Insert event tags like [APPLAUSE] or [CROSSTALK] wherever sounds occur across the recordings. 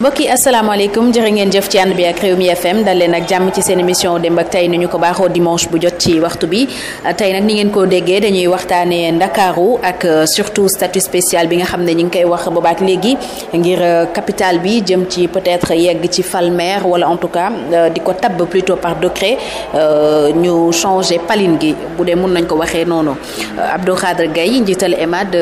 mbokk yi asalaamaaleykum jërë ngeen jëf ci ànd bi ak Rewmi FM dal leen ak jàmm ci seen émission démb ak tey ni ko baaxoo dimanche bu jot ci waxtu bi tey nag ni ngeen ko déggee dañuy waxtaanee ndakaaru ak euh, surtout statut spécial bi nga xam ne ñu ngi koy wax boobaak léegi ngir euh, capital bi jëm ci peut yegg ci fal wala en tout cas euh, di ko tabb plutôt par décret ñu changé paline gi bu dee mun nañ ko waxee noonu Abdou Khadre Gaye njiital EMAD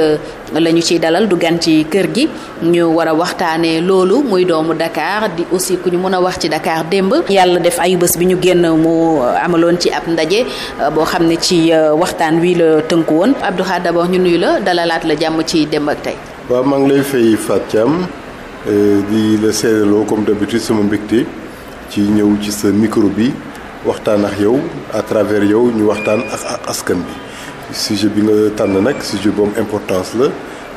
la ñu ciy dalal du gan ci kër gi ñu war a waxtaanee loolu muy doomu dakaar di aussi ku ñu mën a wax ci dakaar démb. yàlla def ay bés bi ñu génn mu amaloon ci ab ndaje euh, boo xam ne ci euh, waxtaan wi la tënk woon Abdou Khadre d'abord ñu nuy la dalalaat la jàmm ci démb ak tey. waaw maa ngi lay fay Fatou Thiam euh, di la seedeloo comme d'habitude sama mbégte ci ñëw ci sa micro bi waxtaan ak yow à travers yow ñu waxtaan ak askan bi. sujet bi nga tànn nag sujet bu am importance la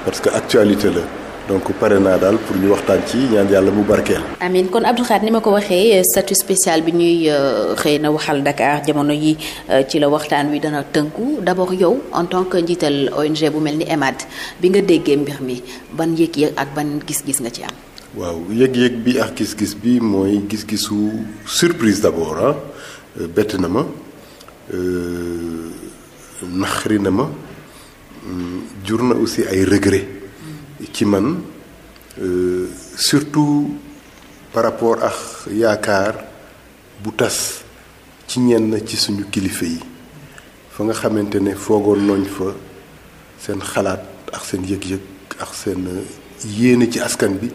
parce que actualité la donc pare naa daal pour ñu waxtaan ci ñaan yàlla mu barkeel. amiin kon Abdou Khadre ni ma ko waxee statut spécial bi ñuy euh, xëy na waxal Dakar jamono yi euh, ci la waxtaan wi dana tënku d'abord yow en tant que njiital ONG bu mel ni EMAD bi nga déggee mbir mi ban yëg-yëg ak ban gis-gis nga ci am. waaw yëg-yëg bi ak gis-gis bi mooy gis-gisu surprise d'abord ah bett na ma. naqari na ma mm, jur na aussi ay regret ci man euh, surtout par rapport ak yaakaar bu tas ci ñenn ci suñu kilifa yi fa nga xamante ne foogoon nooñ fa seen xalaat ak seen yëg-yëg ak seen yéene ci askan bi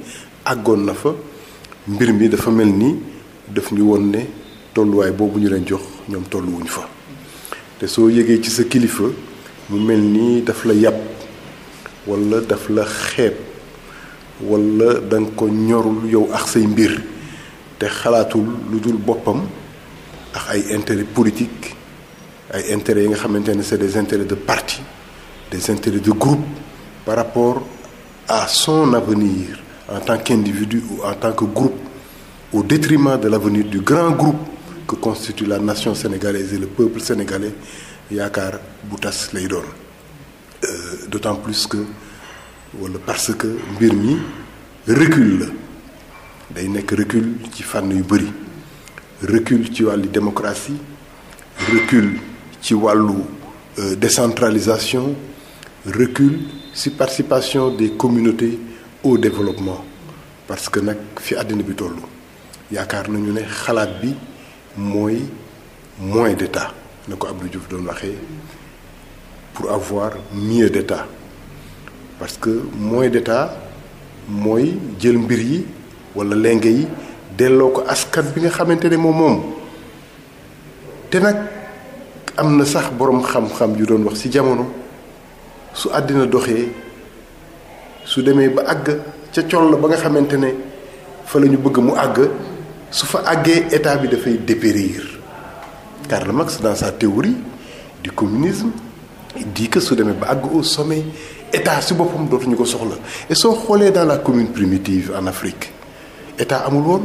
àggoon na fa mbir mi dafa mel ni daf ñu woon ne tolluwaay boobu ñu leen jox ñoom tolluwuñ fa te soo yëgee ci sa kilifa mu mel nii daf la yàpp wala daf la xeeb wala da nga ko ñorul yow ak say mbir te xalaatul lu dul boppam ak ay intérêt politique ay intérêts yi nga xamante ne c'est des intérêts de parti des intérêts de groupe par rapport à son avenir en tant qu'individu ou en tant que groupe ou détriment de l'avenir du grand groupe que constitue la nation sénégalaise et le peuple sénégalais yaakaar bu tas lay doon euh, d'autant plus que wala parce que mbir mi recul la day nekk recul ci fànn yu bëri recul ci wàllu démocratie recul ci wàllu euh, décentralisation recul ci participation des communautés au développement parce que nag fi àddina bi toll yaakaar nañu ne xalaat bi mooy moins d'état na ko Abdou Diouf doon waxee pour avoir mieux d'état parce que moins d'état mooy jël mbir yi wala lenge yi delloo ko askan bi nga xamante ne moom moom te nag am na sax boroom xam-xam yu doon wax ci jamono su àddina doxee su demee ba àgg ca col la ba nga xamante ne fa la ñu bëgg mu àgg su fa àggee état bi dafay dépérir Karl max dans sa théorie du communisme il dit que su demee ba àgg au sommet état si boppam dootuñu ko soxla et soo xoolee dans la commune primitive en Afrique état amul woon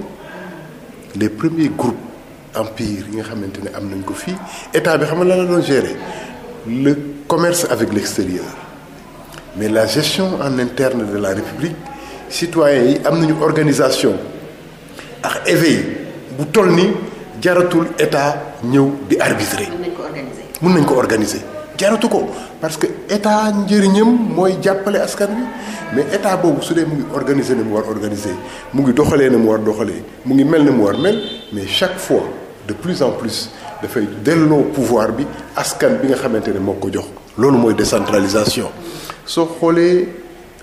les premiers groupes empire yi nga xamante ne am nañ ko fii état bi xam nga la doon gérer le commerce avec l'extérieur mais la gestion en interne de la république citoyens yi am nañu organisation ak éveil bu toll ni jaratul état ñëw di arbitrer. mun nañ ko organiser jaratu ko parce que état njëriñam mooy jàppale askan bi mais état boobu su dee mu ngi organiser na mu war organiser mu ngi doxalee na mu war mu ngi mel na mu war mel mais chaque fois de plus en plus dafay delloo pouvoir bi askan bi nga xamante ne moo ko jox. loolu mooy décentralisation soo xoolee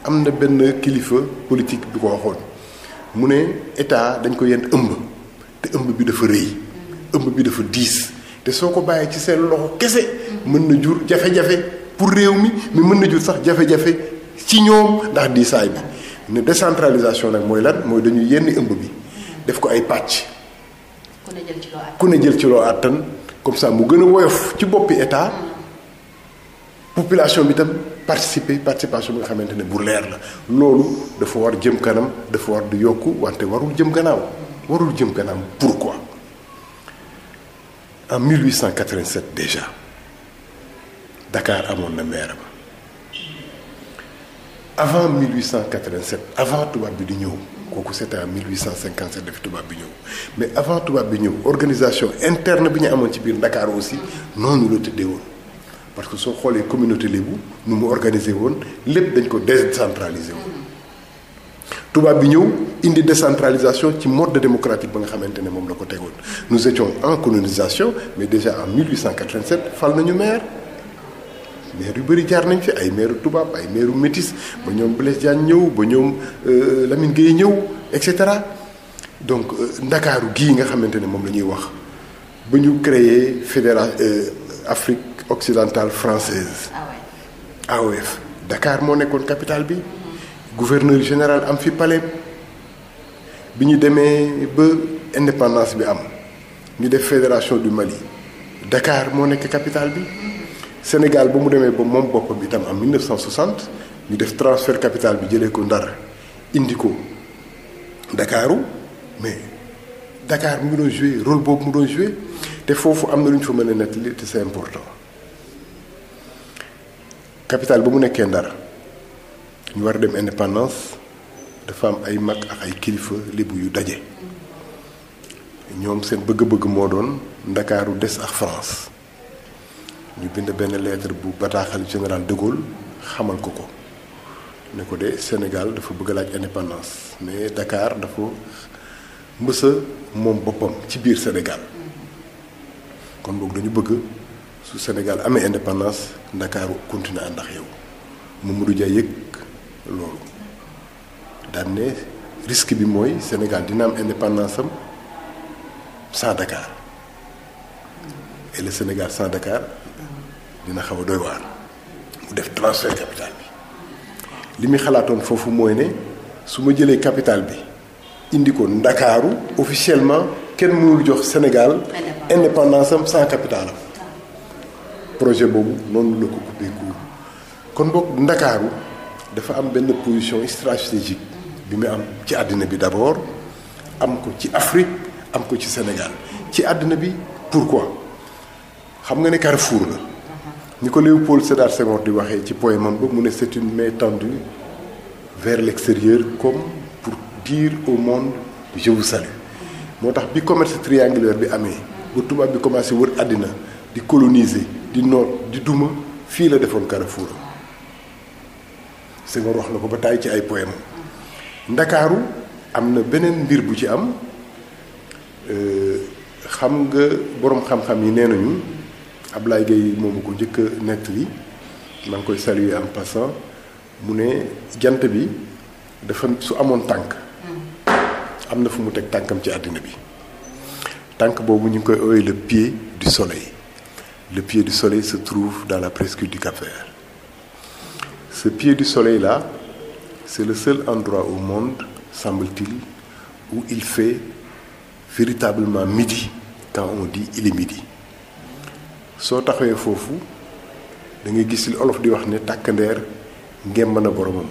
am na benn kilifa politique bi ko waxoon. mu ne état dañ ko yent ëmb te ëmb bi dafa rëy ëmb bi dafa diis te soo ko bàyyee ci seen loxo kese mën na jur jafe-jafe pour réew mi mi mën na jur sax jafe-jafe ci ñoom ndax diisaay bi ne décentralisation nag mooy lan mooy dañuy yenn ëmb bi def ko ay pàcc ku ne jël ci loo àttan comme sax mu gën a woyof ci boppi état population bi tam participer participation bi nga xamante ne bu leer la loolu dafa war jëm kanam dafa war di yokku wante warul jëm gannaaw warul jëm kanam pourquoi en 1887 déjà Dakar amoon na maire ba avant 1887 avant tubaab bi di ñëw kooku c'était en 1857 dafi tubaab bi ñëw mais avant tubaab bi ñëw organisation interne bi ñu amoon ci biir Dakar aussi noonu la tëddee woon parce que soo xoolee communauté lébu nu mu organisé woon lépp dañ ko décentralisé woon tubaab bi ñëw indi décentralisation ci mode démocratique ba nga xamante ne moom la ko woon nous étions en colonisation mais déjà en 1887 fal nañu maire maire yu bëri jaar nañ fi ay maire tubaab ay maire métis ba ñoom Blaise Diagne ñëw ba ñoom euh, Lamine Gueye ñëw et cetera donc euh, ndakaaru gii nga xamante ne moom la ñuy wax ba ñu créer fédération euh, Afrique. occidentale française AOF ah dakaar moo nekkoon capital bi gouverneur général am fi palais bi ñu demee ba indépendance bi am ñu def fédération du Mali dakaar moo nekk capital bi Sénégal ba mu demee ba moom boppam itam en 1960 ñu def transfert capital bi jëlee ko Ndar indi ko Dakaru mais dakaar mu ngi doon joué rôle boobu mu doon joué te foofu am na lu ñu fa mën a nettali te c'est important. capital ba mu nekkee ndar ñu war a dem indépendance dafa am ay mag ak ay kilifa lébu yu daje ñoom seen bëgg-bëgg moo doon ndakaaru des ak France ñu bind benn lettre bu bataaxal général de xamal ko ko ne ko de Sénégal dafa bëgg laaj indépendance mais dakaar dafa mbësa moom boppam ci biir Sénégal kon boog dañu bëgg Sénégal amee indépendance ndakaaru continué ànd ak yow Mamadou Dia yëg loolu daan ne risque bi mooy Sénégal dina am indépendance am sans Dakar et le Sénégal sans Dakar dina xaw a doy waar mu def transfert capital bi li muy xalaatoon foofu mooy ne su ma jëlee capital bi indi ko ndakaaru officiellement kenn mënul jox Sénégal indépendance am sans capital projet boobu noonu la ko coupé court kon boog ndakaaru dafa am benn position stratégique bi mu am ci àddina bi d'abord am ko ci Afrique am ko ci Sénégal ci àddina bi pourquoi xam nga ne Carrefour la ni ko Léopold Sédar Senghor di waxee ci poème am ba mu ne c'est une main tendue vers l'extérieur comme pour dire au monde je vous salue moo tax bi commerce triangulaire bi amee bu tubaab bi commencé wër àddina di coloniser di noot di duma fii la defoon Carrefour Senghor wax la ko ba tàyyi ci ay poème ndakaaru am na beneen mbir bu ci am euh, xam nga boroom xam-xam yi nee nañu Ablaye Gueye moomu ko njëkk a nett li maa koy saluer en passant mu ne jant bi dafa su amoon tànk am na fu mu teg tànkam ci àddina bi tànk boobu ñu ngi koy ooyee le pied du soleil le pied du soleil se trouve dans la presqu'île du Cap-Vert. Ce pied du soleil-là, c'est le seul endroit au monde, semble-t-il, où il fait véritablement midi quand on dit il est soo taxawee foofu da nga gis li olof di wax ne tàkkandeer ngemb na boromam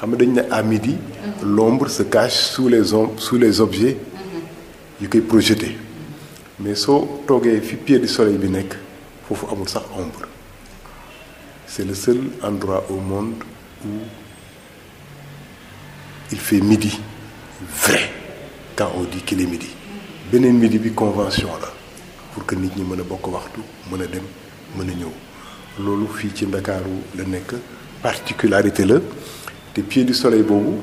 xam nga dañ ne à midi. Mhm. l'ombre se cache sous les ombres sous les objets. Mhm. yu koy projeté mais soo toogee fi pied du soleil bi nekk foofu amul sax ombre c'est le seul endroit au monde où il fait midi vrai quand on dit qu'il midi beneen midi bi convention la pour que nit ñi mën a bokk waxtu mën a dem mën a ñëw loolu fii ci ndakaaru la nekk particularité la te pied du soleil boobu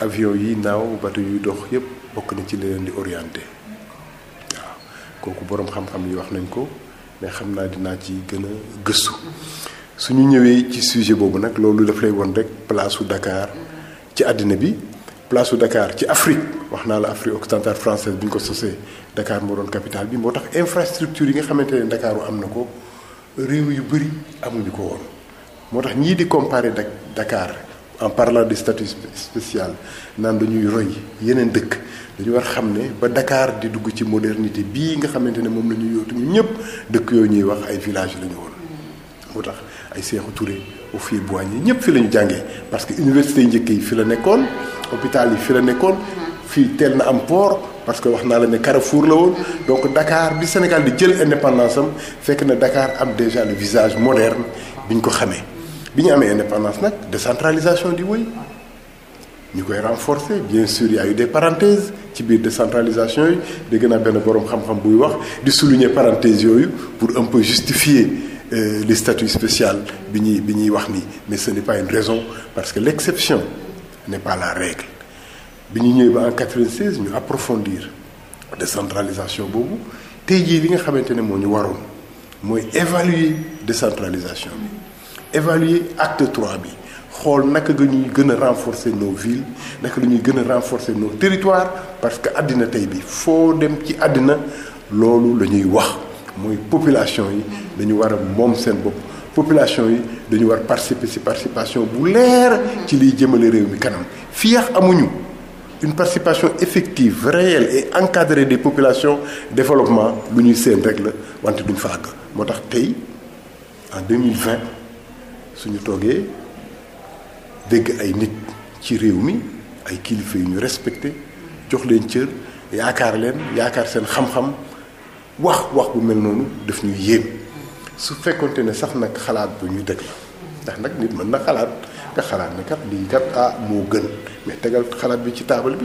avion yi naaw bateau yuy dox yépp bokk na ci leen di orienté waaw kooku boroom xam-xam yi wax nañ ko mais xam naa dinaa ci gën a gëstu suñu ñëwee ci sujet boobu nag loolu daf lay won rek place u Dakar ci àddina bi place u Dakar ci Afrique wax naa la Afrique occidentale française bi ñu ko sosee Dakar moo doon capital bi moo tax infrastructure yi nga xamante ne Dakaaru am na ko réew yu bëri amuñu ko woon moo tax ñii di comparer dak Dakar en parlant de statut spécial naan dañuy roy yeneen dëkk dañu war xam ne ba Dakar di dugg ci modernité bii nga xamante ne moom la ñu yóotu ñu ñëpp dëkk yooyu ñuy wax ay village la ñu woon. moo tax ay Sékou Touré au fii Boigny ñëpp fi la ñu jàngee parce que université njëkk yi fi la nekkoon hôpital yi fi la nekkoon. fii teel na am port parce que wax naa la ne Carrefour la woon donc Dakar bi Sénégal di jël indépendance am fekk na dakaar am déjà le visage moderne bi ñu ko xamee bi ñu amee indépendance nag décentralisation di wëy. ñu koy renforcer bien sûr y a eu des ci biir décentralisation yi dégg naa benn boroom xam-xam buy wax di souligner parenthèses yooyu pour un peu justifier euh, le statut spécial bi ñuy bi ñuy wax nii mais ce n'est pas une raison parce que l'exception n'est pas la règle bi ñu ñëwee ba en 96 ñu approfondir décentralisation boobu tey jii li nga xamante ne moo ñu waroon mooy évaluer décentralisation bi évaluer acte 3 bi xool naka nga ñuy gën a renforcer nos villes naka la ñuy gën a renforcer no territoires parce que àddina tey bi foo dem ci àddina loolu la ñuy wax mooy population yi dañu war a moom seen bopp population yi dañu war participer ci participation bu leer ci liy jëmale réew mi kanam fii yàq amuñu une participation effective réelle et encadrée de populations développement lu ñuy seen rek la wante duñ fa àgg moo tax tey en 2020 suñu toogee dégg ay nit ci réew mi ay kilifa yu ñu respecté jox leen cër yaakaar leen yaakaar seen xam-xam wax wax bu mel noonu daf ñuy yéem su fekkonte ne sax nag xalaat bu ñu teg la ndax nag nit mën na xalaat nga xalaat ne kat lii kat ah moo gën mais tegal xalaat bi ci taabal bi.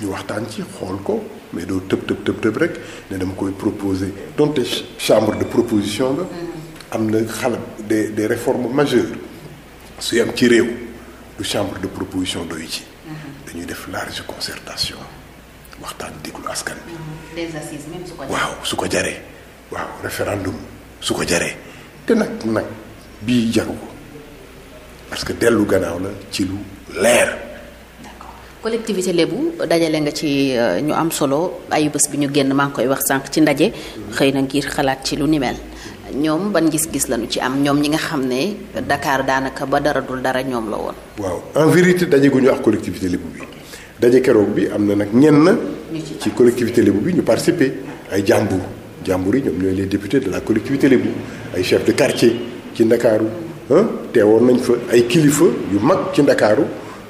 ñu waxtaan ci xool ko mais doo tëb tëb tëb tëb rek ne dama koy proposer donte chambre de proposition la. Mm-hmm. am na xalaat des des réformes majeures. su am ci réew du chambre de proposition doy ci. Mhm. dañuy def large concertation waxtaan déglu askan bi. Mhm. su ko jaree. waaw su ko jaree waaw référendum su ko jaree te nag nag bii jaru ko parce que dellu gannaaw la ci lu leer. collectivité lébu dajale nga ci euh, ñu am solo ay bés bi ñu génn maa ngi koy wax sànq ci ndaje mm-hmm. xëy na ngir xalaat ci lu nimel ñoom ban gis-gis lañu ci am ñoom ñi nga xam ne Dakar daanaka ba dara dul dara ñoom la woon. waaw en vérité daje gu ñu ak collectivité lébu bi daje keroog bi am na nag na ci collectivité lébu bi ñu participer ay jàmbur jàmbur yi ñoom ñooy les députés de la collectivité lébu ay chef de quartier ci ndakaaru teewoon nañ fa ay kilifa yu mag ci ndakaaru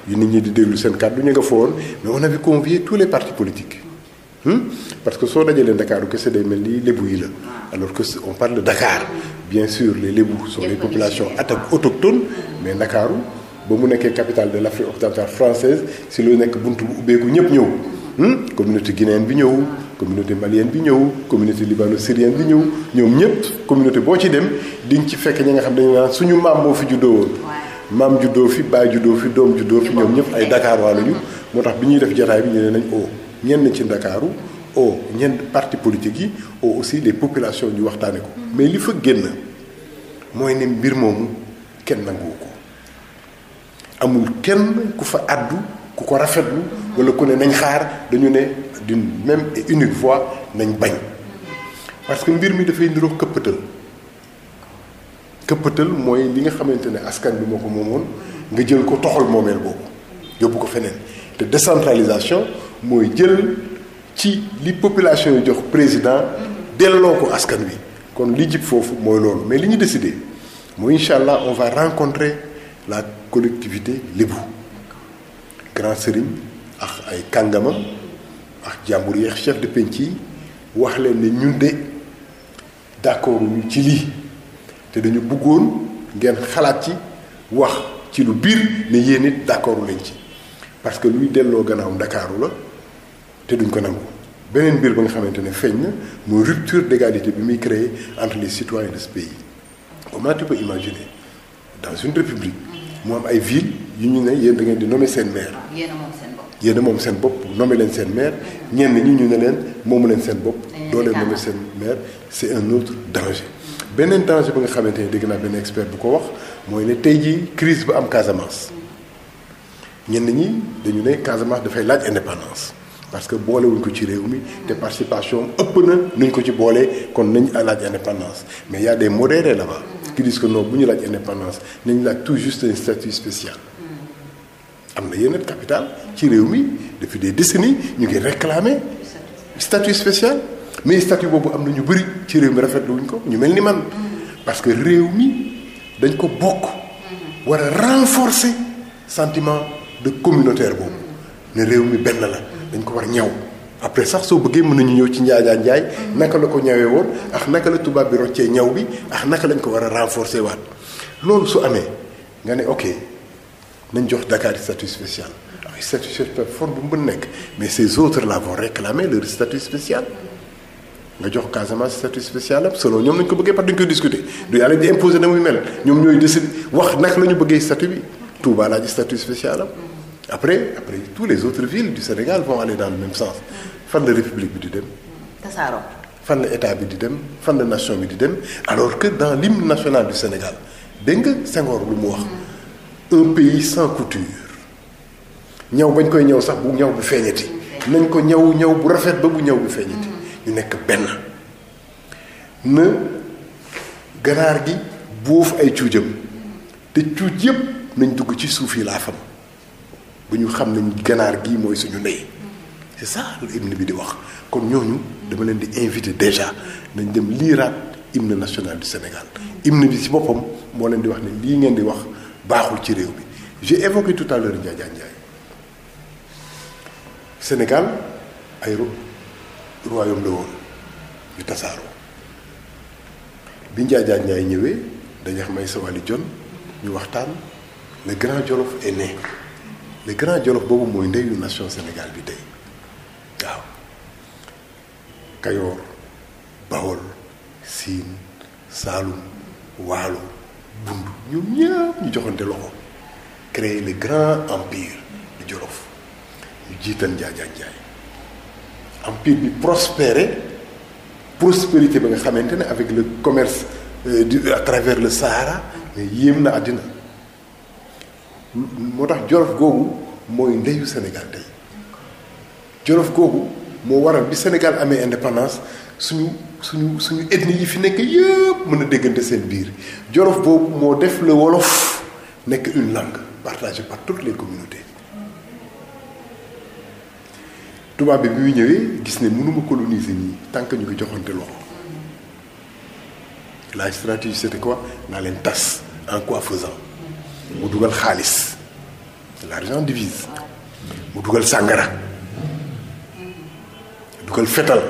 yu nit ñi di déglu seen kàddu ñu nga fa woon mais on avait convié tous les partis politiques. Hein? parce que soo dajalee Dakar kese day mel ni lébu yi la alors que on parle de Dakar bien sûr les lébu sont les populations autochtones mais Ndakaaru ba mu nekkee capital de l'Afrique occidentale française si lu nekk bunt bu ubbeeku ñëpp ñëw hmm? communauté guinéenne bi ñëw communauté malienne bi ñëw communauté libano-syrienne bi ñëw ñoom ñëpp communauté boo ci dem diñ ci fekk ñi nga xam dañu naan suñu maam moo fi juddoo woon maam juddoo fi baay juddoo doom juddoo fi ñëpp ay Dakar waa lañu moo tax bi ñuy def jataay bi ñu ne nañ o ñenn ci Ndakaaru o ñenn parti politique yi oo aussi les populations ñu waxtaane ko mais li fa génn mooy ne mbir moomu kenn nanguwu ko amul kenn ku fa àddu ku ko rafetlu wala ku ne nañ xaar dañu ne d'une même unique fois nañ bañ parce que mbir mi dafay niroo këppatal këppatal mooy li nga xamante ne askan bi moo ko moomoon nga jël ko toxal moomeel boobu yóbbu ko feneen te décentralisation mooy jël ci li population yi jox président delloo ko askan wi kon li jib foofu mooy loolu mais li ñu décidé mooy incha allah on va rencontrer la collectivité lébu grand sëriñ ak ay kàngama ak jàmbur yeex chef de penc yi wax leen ne ñun de d'accord ñu ci lii te dañu bëggoon ngeen xalaat ci wax ci lu biir ne yéen it d'accord lañ ci parce que luy delloo gannaaw ndakaaru la te duñ ko nangu beneen mbir ba nga xamante ne feeñ na mooy rupture d'égalité bi muy créer entre les citoyens de ce pays comment tu peux imaginer dans une république mu am ay villes yu ñu ne yéen da ngeen di nommer seen maire. yéen moom seen bopp. yéen a leen seen maire ñenn ñi ñu ne leen moomu leen seen bopp. dooleen leen nommer seen maire c'est un autre danger. beneen danger ba nga xamante ne dégg naa benn expert bu ko wax mooy ne tey jii crise ba am Casamance ñenn ñi dañu ne Casamance dafay laaj indépendance. parce que boolewuñ ko ci réew mi te participation ëpp na nuñ ko ci boolee kon nañ laaj indépendance mais y a des modérés là-bas qui disent que non bu ñu laaj indépendance nañ laaj tout juste un statut spécial am na yenn capital ci réew mi depuis des décennies ñu ngi réclamer statut spécial mais statut boobu am na ñu bëri ci réew mi rafetlu wuñ ko ñu mel ni man parce que réew mi dañ ko bokk war a renforcer sentiment de communautaire boobu ne réew mi benn la dañ ko war ñaw après sax soo bëggee mën nañu ñëw ci njaajaa njaay mm-hmm. naka la ko ñawee woon ak naka la tubaab bi roccee ñaw bi ak naka lañ ko war a renforcer waat loolu su amee nga ne ok nañ jox Dakar statut spécial avec ah, statut spécial fort bu mu nekk mais ces autres là vont réclamer leur statut spécial nga jox Casamance statut spécial am selon ko bëggee parce que dañ koy discuter ñoom ñooy décider wax naka la ñu bëggee statut bi Touba laa ji statut spécial après après tous les autres villes du Sénégal vont aller dans le même sens fan la république bi di dem. tasaaroo. fan la état bi di dem fan la nation bi di dem alors que dans l'hymne national du Sénégal dégg nga Senghor lu mu wax. Mm. un pays sans couture. ñaw bañ koy ñëw sax bu ñaw bu feeñati nañ ko ñaw ñaw bu rafet ba bu ñaw bu feeñati mm. ñu nekk benn na ganaar gi boofu ay cuujam mm. te cuuj yëpp nañ dugg ci suufi yi laa fam bu ñu xam ne ganaar gii mooy suñu ndey c'est ça lu hymne bi di wax kon ñooñu dama leen di invité déjà nañ dem liiraat hymne national du Sénégal hymne bi ci boppam moo leen di wax ne lii ngeen di wax baaxul ci réew bi j'ai évoqué tout à l'heure Ndiadia Ndiaye Sénégal ay royaume la woon ñu tasaaroo bi Ndiadia Ndiaye ñëwee dañax may sawali jon ñu waxtaan le Grand Jolof est né le grand Jolof boobu mooy ndeyu nation Sénégal bi tey waaw Kayoor Bawol Siin Saalum Waalo Bund ñoom ñëpp ñu joxante loxo créer le grand empire du Jolof ñu jiital Njaajaan Njaay empire bi prospérer prospérité ba nga xamante ne avec le commerce euh, du travers le Sahara yéem na àddina moo tax jolof googu mooy ndeyu Sénégal tey jolof googu moo waral bi Sénégal amee indépendance suñu suñu suñu ethnie yi fi nekk yëpp mën a déggante seen biir jorof boobu moo def la wolof nekk une langue partage par tout les communautés tubaab bi bi muy ñëwee gis ne mënuma coloniser nii tant que ñu ko joxante loxo la stratégie c'était quoi naa leen tas en quoi faisant mu dugal xaalis l'argent divise mu dugal sàngara dugal fetal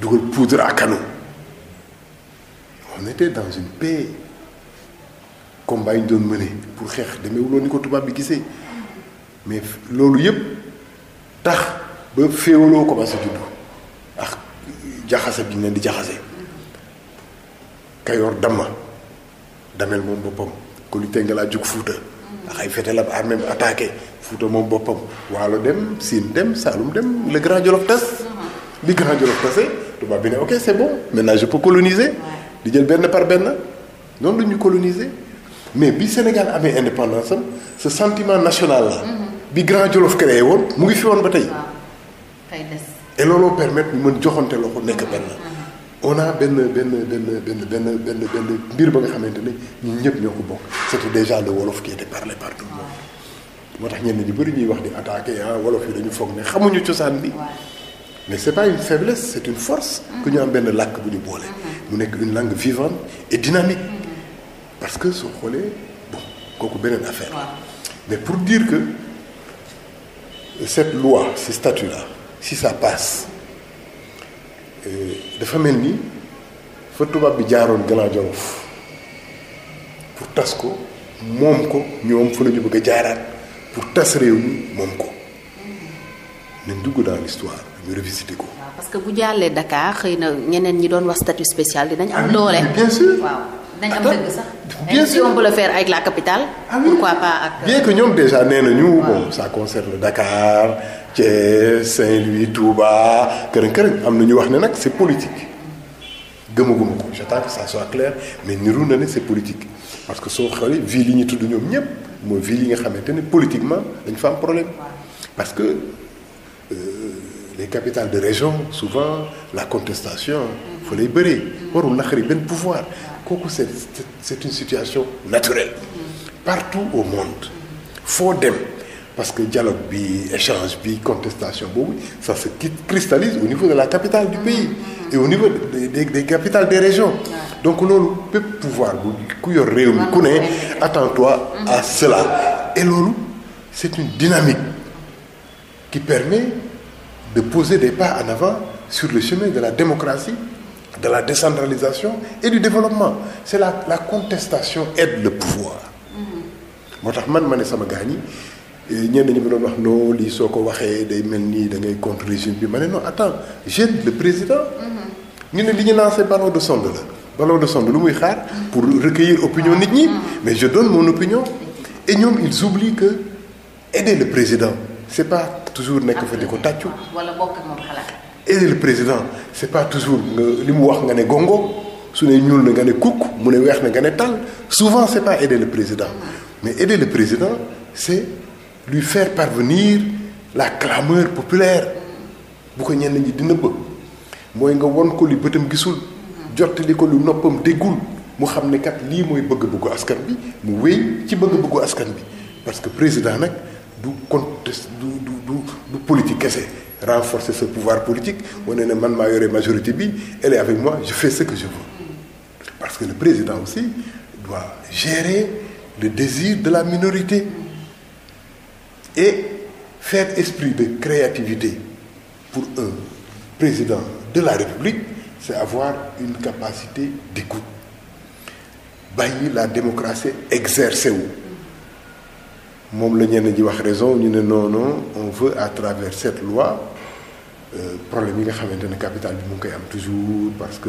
dugal poudre à canon on était dans une paix combat yi ñu doon mëne pour xeex demeewuloo ni ko tubaab bi gisee mais loolu yëpp tax ba féewaloo commencé juddu ak jaxase bi ñu leen di jaxase kayoor damma damel moom boppam Koli Tengal a jug Fuuta ndax ay fetel ab armée attaque attaqué Fuuta moom boppam waalo dem Siin dem Saalum dem le Grand Jolof tas li mhm. Grand Jolof tase tubaab bi ne ok c'est bon maintenant je peux coloniser di jël benn par benn ñoom la ñu coloniser mais bi Sénégal amee indépendance am ce sentiment national la mhm. bi Grand Jolof créé woon mu ngi fi woon ba tey et looloo permettre ñu mën joxante ko nekk benn on a benn benn benn benn benn benn benn biir ba nga xamante ne ñun ñëpp ñoo ko bokk surtout déjà le wolof qui était parlé par tout le moo tax ñenn ñu bëri ñuy wax di attaqué ah wolof yi dañu foog ne xamuñu cosaan bi mais c'est pas une faiblesse c'est une force mm-hmm. que ñu am benn làkk bu ñu boole mm-hmm. mu nekk une langue vivante et dynamique mm-hmm. parce que soo xoolee bon kooku beneen affaire mais pour dire que cette loi ce statut là si ça passe Euh, dafa mel ni fa tubaab bi jaaroon Grand Yoff pour tas ko moom ko ñoom fa la ñu bëgg a jaaraat pour tas réew mi moom ko nañ dugg dans l'histoire ñu revisité ko. waaw parce que bu jàllee dakaar xëy na ñeneen ñi doon wax statut spécial dinañ am ah doole. bien sûr waaw dinañ am dëgg sax. bien si on peut le faire la capitale. Ah pourquoi pas ak. bien que ñoom déjà nee nañu. Euh, bon ça concerne Dakar. Thiès Saint-Louis Touba kërën kërën am na ñu wax ne nag c'est politique gëmaguma ko j'attends que ça soit clair mais niru na ne c'est politique parce que soo xoolee ville yi ñu tudd ñoom ñëpp mooy ville yi nga xamante ne politiquement dañ fa am problème parce que euh, les capitales de région souvent la contestation fa lay bëree warul naqari benn pouvoir kooku c'est c'est une situation naturelle partout au monde foo dem parce que dialogue bi échange bi contestation boobu ça se cristallise au niveau de la capitale du pays mm-hmm. et au niveau des des, des capitales des régions donc loolu bépp pouvoir bu ku yor réew mi ku ne attends à mm-hmm. cela et loolu c'est une dynamique qui permet de poser des pas en avant sur le chemin de la démocratie de la décentralisation et du développement c'est la la contestation aide le pouvoir mm-hmm. moo tax man ma ne sama gaañ yi ñenn ñi bi doon wax non lii soo ko waxee day mel nii da ngay contre régime bi ma ne non attends j'aide le président. Mm-hmm. ñu ne li ñu lancé ballon de sonde la. ballon de sonde lu muy xaar. pour recueillir opinion nit ñi. Mm-hmm. mais je donne mon opinion. et ñoom ils oublient que aider le président c' est pas toujours nekk fa di ko tàccu. aider le président c' est pas toujours nga li mu wax nga ne gongo su ne ñuul na nga ne kukk mu ne weex na nga ne tal souvent c' est pas aider président mm-hmm. mais aider le président c' est. lui faire parvenir la clameur populaire bu ko ñenn ñi dina nëbb mooy nga won ko li bëtam gisul jottali ko lu noppam déggul mu xam ne kat lii mooy bëgg-bëggu askan bi mu wéy ci bëgg-bëggu askan bi parce que président nag du conteste du du du du politique kese renforcer ce pouvoir politique wane ne man maa yore majorité bi elle est avec moi je fais ce que je veux parce que la président aussi doit gérer le désir de la minorité et faire esprit de créativité pour un président de la République, c'est avoir une capacité d'écoute. bàyyi la démocratie exercée wu moom la ñenn ji wax raison ñu ne non non on veut à travers cette loi Euh, problème yi nga xamante ne capital bi mu ngi koy am toujours parce que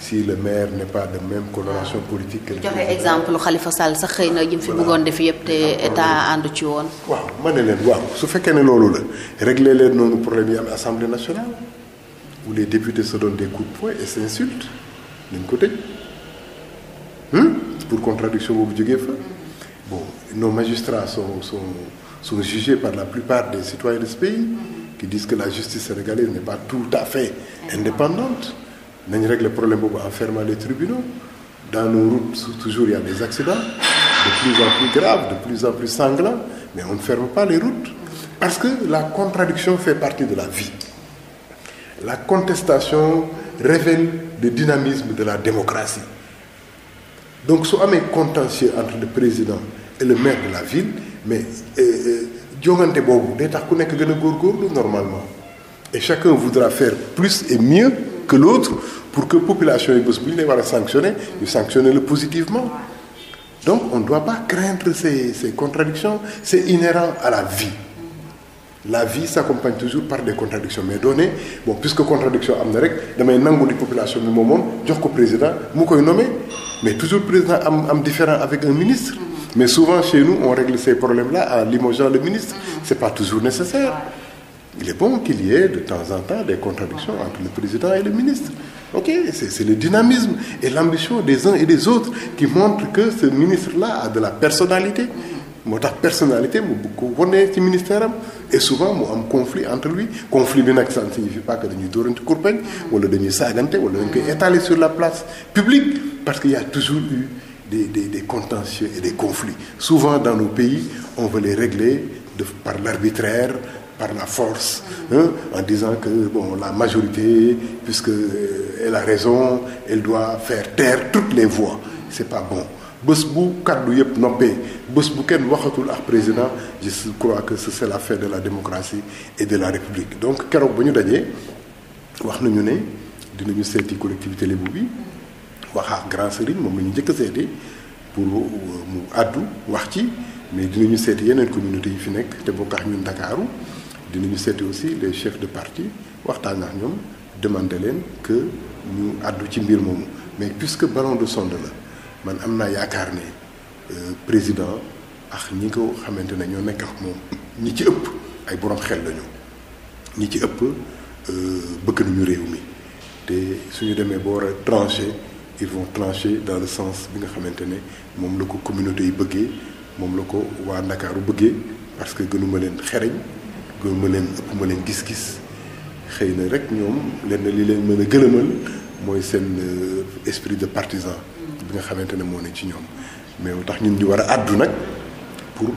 si le maire n'est pas de même coloration politique. joxe exemple Khalifa Sall sax xëy na jëm fi bëggoon def yëpp te état ànd ci woon. waaw ma leen waaw su fekkee ne loolu la régler leen noonu problème yi am assemblée nationale où les députés se donnent des coups de poing et s'insultent nañ ko tëj hmm? pour contradiction boobu jógee fa bon nos magistrats sont sont sont jugés par la qui disent que la justice sénégalaise n'est pas tout à fait indépendante nañ régler problème boobu en fermant les tribunaux dans nos routes toujours il y a des accidents de plus en plus graves de plus en plus sanglants mais on ne ferme pas les routes parce que la contradiction fait partie de la vie la contestation révèle le dynamisme de la démocratie donc su amee contentieux entre le président et le maire de la ville mais euh, euh, jongante boobu day tax ku nekk gën a góorgóorlu normalement et chacun voudra faire plus et mieux que l'autre pour que population yi bés bu ñu lay war a sanctionner ñu sanctionner le positivement donc on ne doit pas craindre ces ces contradictions c'est inhérent à la vie la vie s'accompagne toujours par des contradictions mais doo ne bon puisque contradiction am na rek damay nangu di population bi moom moom jox ko président mu koy nommer mais toujours président am am différent avec un Mais souvent, chez nous, on règle ces problèmes-là en limogeant le ministre. Ce n'est pas toujours nécessaire. Il est bon qu'il y ait de temps en temps des contradictions entre le président et le ministre. Ok, c'est le dynamisme et l'ambition des uns et des autres qui montrent que ce ministre-là a de la personnalité. moo tax personnalité mu bëgg ko ministère am et souvent mu am conflit entre lui conflit bi nag ça ne signifie pas que dañuy dóorante kurpeñ wala dañuy saagante wala dañ koy étaler sur la place publique parce qu'il des, des, des, contentieux et des conflits. Souvent dans nos pays, on veut les régler de, par l'arbitraire, par la force, hein, en disant que bon, la majorité, puisque euh, elle a raison, elle doit faire taire toutes les voix. C'est pas bon. bés bu kaddu yëpp noppe bés bu kenn waxatul ak président je crois que c'est la fin de la démocratie et de la république donc keroog ba ñu dajee wax nañu ne dinañu seeti collectivité lébu bi wax ak grand serigne moom lañu njëkk a seeti pour euh, mu àddu wax ci mais dinañu seeti yeneen communauté yi fi nekk te bokk ak ñun Ndakaaru dinañu seeti aussi les chef de parti waxtaan ak ñoom demandé leen que ñu àddu ci mbir moomu mais puisque ballon de sonde la man am naa yaakaar ne euh, président ak ñi ko xamante ne ñoo nekk moom ñi ci ëpp ay borom xel lañu ñi ci ëpp euh, bëgg nañu réew mi te su ñu demee boo war a tranché il vont trancher dans le sens bi nga xamante ne moom la ko communauté yu bëggee moom la ko waa Ndakaaru bëggee parce que gënuma leen xereñ gënuma leen ëpp leen gis-gis xëy na rek ñoom lenn li leen mën a gëlëmal mooy seen euh, esprit de partisan bi nga xamante ne moo ne ci ñoom mais lu tax ñun ñu war a àddu nag pour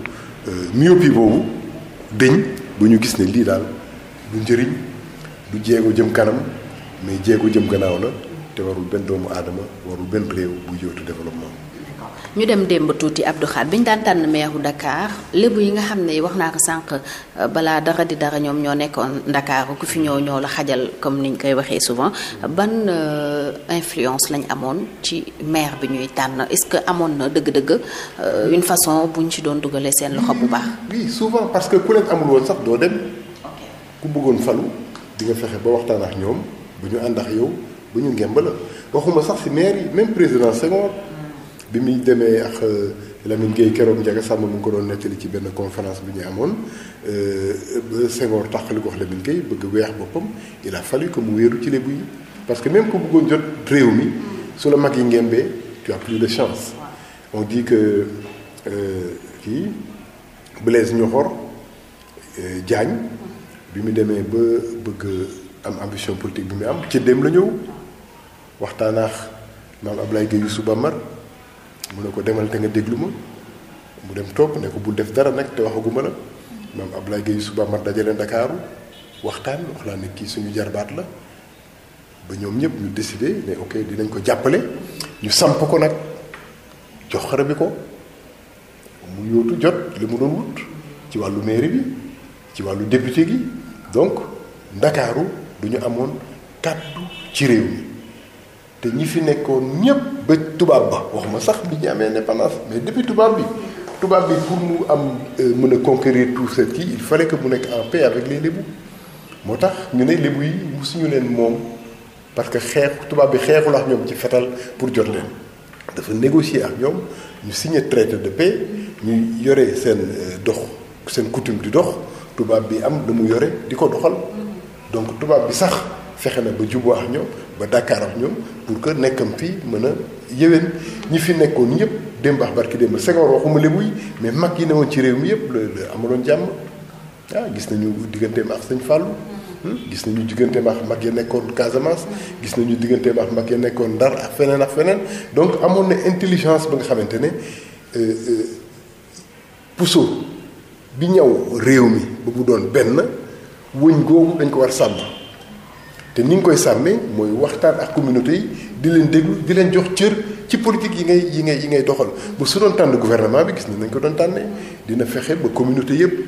euh, myopie boobu dëñ bu ñu gis ne lii daal du njëriñ bu jéego jëm kanam mais jéego jëm gannaaw la te warul benn doomu aadama warul benn réew bu yóotu développement. ñu dem démb tuuti Abdou Khad bi ñu daan tànn meeru Dakar lébu yi nga xam ne wax naa ko sànq euh, balaa dara di dara ñoom ñoo nekkoon ndakaaru ku fi ñëw ñoo la xajal comme ni niñ koy waxee souvent ban euh, influence lañ amoon ci maire bi ñuy tànn est-ce que amoon na dëgg-dëgg euh, une façon bu ñu ci doon dugalee seen loxo bu baax. oui souvent parce que ku leen amul woon sax doo dem. ku bëggoon falu di fexe ba bu ñu ngemb la waxuma sax si maire yi même président Senghor bi muy demee ak euh, Lamine Gueye keroog Ndiaga Samb mu ngi ko doon nettali ci benn conférence bu ñu amoon ba euh, euh, Senghor tàqali ko wax Lamine géey bëgg weex boppam il a fallu que mu wéeru ci lébu yi parce que même ku bëggoon jot réew mi su la mag yi ngembee tu as plus de chance on dit que kii euh, Blaise Ñoxor Diagne bi mu demee ba bëgg am ambition politique bi mu am ci dem la ñëw waxtaanaax maam Ablaye Gueye suba mar mu ne ko demal te nga déglu ma mu dem topp ne ko bul def dara nag te waxaguma la maam Ablaye Gueye suba mar dajale ndakaaru waxtaan laa ne kii suñu jarbaat la ba ñoom ñëpp ñu décidé ne ok dinañ ko jàppale ñu samp ko nag jox xare bi ko mu yóotu jot li mu doon wut ci wàllu mairie bi ci wàllu député gi donc ndakaaru du ñu amoon kàddu ci réew mi te ñi fi nekkoon ñëpp ba tubaab ba waxuma sax bi ñu amee indépendance mais depuis tubaab bi tubaab bi pour mu am euh, mën a conquérir tout ce qui il fallait que mu nekk en paix avec les lébu moo tax ñu ne lébu yi musuñu leen moom parce que xeex tubaab bi xeexul ak ñoom ci fetal pour jot leen dafa négocier ak ñoom ñu signé traité de paix ñu yore seen euh, dox seen coutume di dox tubaab bi am da mu yore di ko doxal donc tubaab bi sax fexe na ba juboo ak ñoom ba Dakar ak ñoom pour que nekkam fi mën a yéwén ñi fi nekkoon ñëpp démb ak barki démb Senghor waxuma lébuy mais mag yi newoon ci réew mi yëpp la la amaloon jàmm ah gis nañu digganteem ak sëñ Fallou. Hmm, gis nañu digganteem ak mag ya nekkoon Casamance. gis nañu digganteem ak mag ya nekkoon Ndar ak feneen ak feneen donc amoon na intelligence ba nga xamante ne euh, euh, puso bi ñaw réew mi ba mu doon benn wëñ googu dañ ko war sàmm. te ni nga koy sàmmee mooy waxtaan ak communauté yi di leen déglu di leen jox cër ci politique yi ngay yi ngay yi ngay doxal ba su doon tànn gouvernement bi gis ni nañ ko doon tànnee dina fexe ba communauté yëpp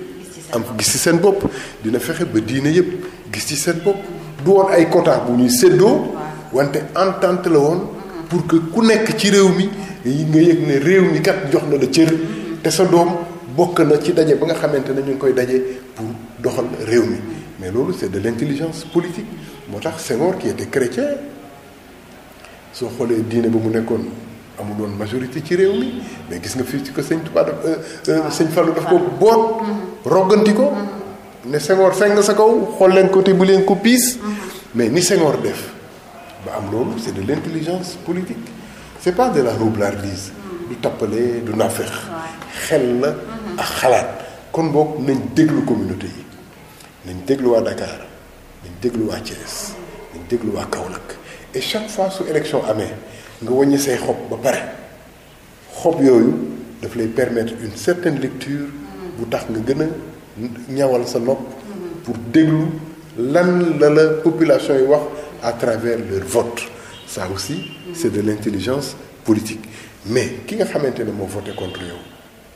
am gis ci seen bopp dina fexe ba diine yëpp gis ci seen bopp du woon ay quota bu ñuy séddoo wante entente la woon pour que ku nekk ci réew mi nga yëg ne réew mi kat jox na la cër te sa doom bokk na ci daje ba nga xamante ne ñu ngi koy dajee pour doxal réew mi mais loolu c'est de l'intelligence politique moo tax Senghor qui était chrétien soo xoolee diine ba mu nekkoon amul woon majorité ci réew mi mais gis nga fii ci ko sëñ Tuubaa daf euh, euh, sëñ Fallou daf ko boot rogganti ko ne Senghor seng sa kaw xool leen côté bu leen ko piis mais ni Senghor def ba am loolu c'est de l'intelligence politique c'est pas de la roublardise du tappale du nafex xel la ak xalaat kon boog nañ déglu communauté yi nañ dégluwaa waa nañ déglu waa Thiès nañ déglu waa Kaolack et chaque fois su élection amee nga wàññi say xob ba pare xob yooyu daf lay permettre une certaine lecture bu tax nga gën a ñawal sa nopp pour déglu lan la la population yi wax à travers leur vote ça aussi c'est de l'intelligence politique mais ki nga xamante ne moo voté contre yow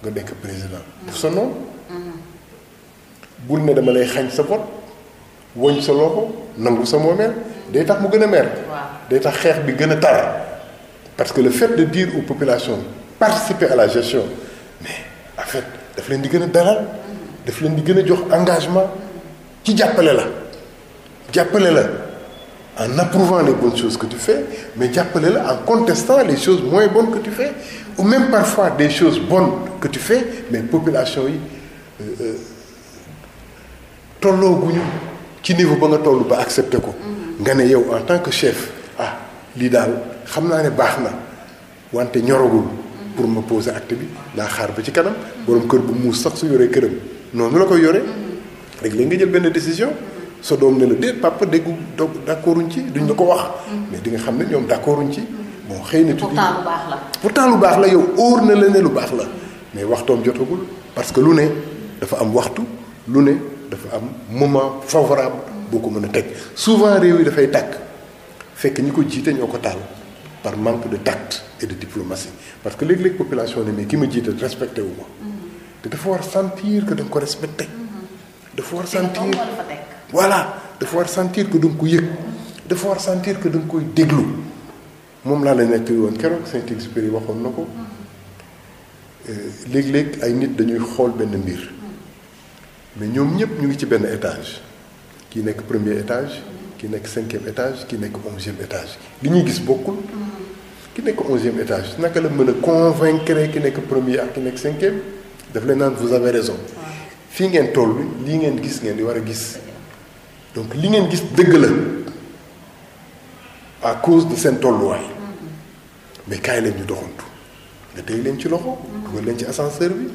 nga dekk président def sa noonu mm-hmm. bul ne dama lay xañ sa vote wëñ sa loxo nangu sa moomeel day tax mu gën a mer. day tax xeex bi gën a tar parce que le fait de dire aux populations participer à la gestion mais en fait daf leen di gën a dara daf leen di gën a jox engagement ci jàppale la jàppale la en approuvant les bonnes choses que tu mais jàppale la en contestant les choses moins bonnes que tu fais ou même parfois des choses bon que tu mais population yi euh, euh, tollooguñu ci niveau ba nga toll ba accepté ko. Mhm. nga ne yow en tant que chef ah lii daal xam naa ne baax na wante ñoragul. Mhm. pour ma poser acte bi naa xaar ba ci kanam. borom kër bu muus sax su yore këram noonu la koy yore. Mhm. rek léegi nga jël benn décision. sa doom ne la déet papa déggu doog d'accorduñ ci duñ la ko wax. mais di nga xam ne ñoom d'accorduñ ci. moo xëy na tuuti pourtant lu baax lu baax la yow óor na la ne lu baax la mais waxtoom jotagul parce que lu ne dafa am waxtu lu ne. dafa am moment favorable boo ko mën a teg souvent réew yi dafay tàkk fekk ñi ko jiite ñoo ko taal par manque de tact et de diplomatie parce que léeg-léeg population ne mais ki ma jiite respecté wu ma mm-hmm. te dafa war sentir que da ko respecté mm-hmm. dafa war sentir voilà dafa war sentir que da nga ko yëg mm-hmm. dafa war sentir que da nga koy déglu moom laa la nekk woon keroog Saint-Exupéry waxoon na ko euh, léeg-léeg ay nit dañuy xool benn mbir mais ñoom ñëpp ñu ngi ci benn étage kii nekk premier étage ki nekk cinquième étage kii nekk onzième étage li ñuy gis bokkul ki nekk onzième étage naka la mën a convaincre ki nekk premier ak ki nekk cinquième daf leen naan vous avez raison fii ngeen toll lii ngeen gis ngeen di war a gis donc li ngeen gis dëgg la à cause de seen tolluwaay mm-hmm. mais kaay leen ñu doxantu nga tey leen ci loxo dugal leen ci ascenseur bi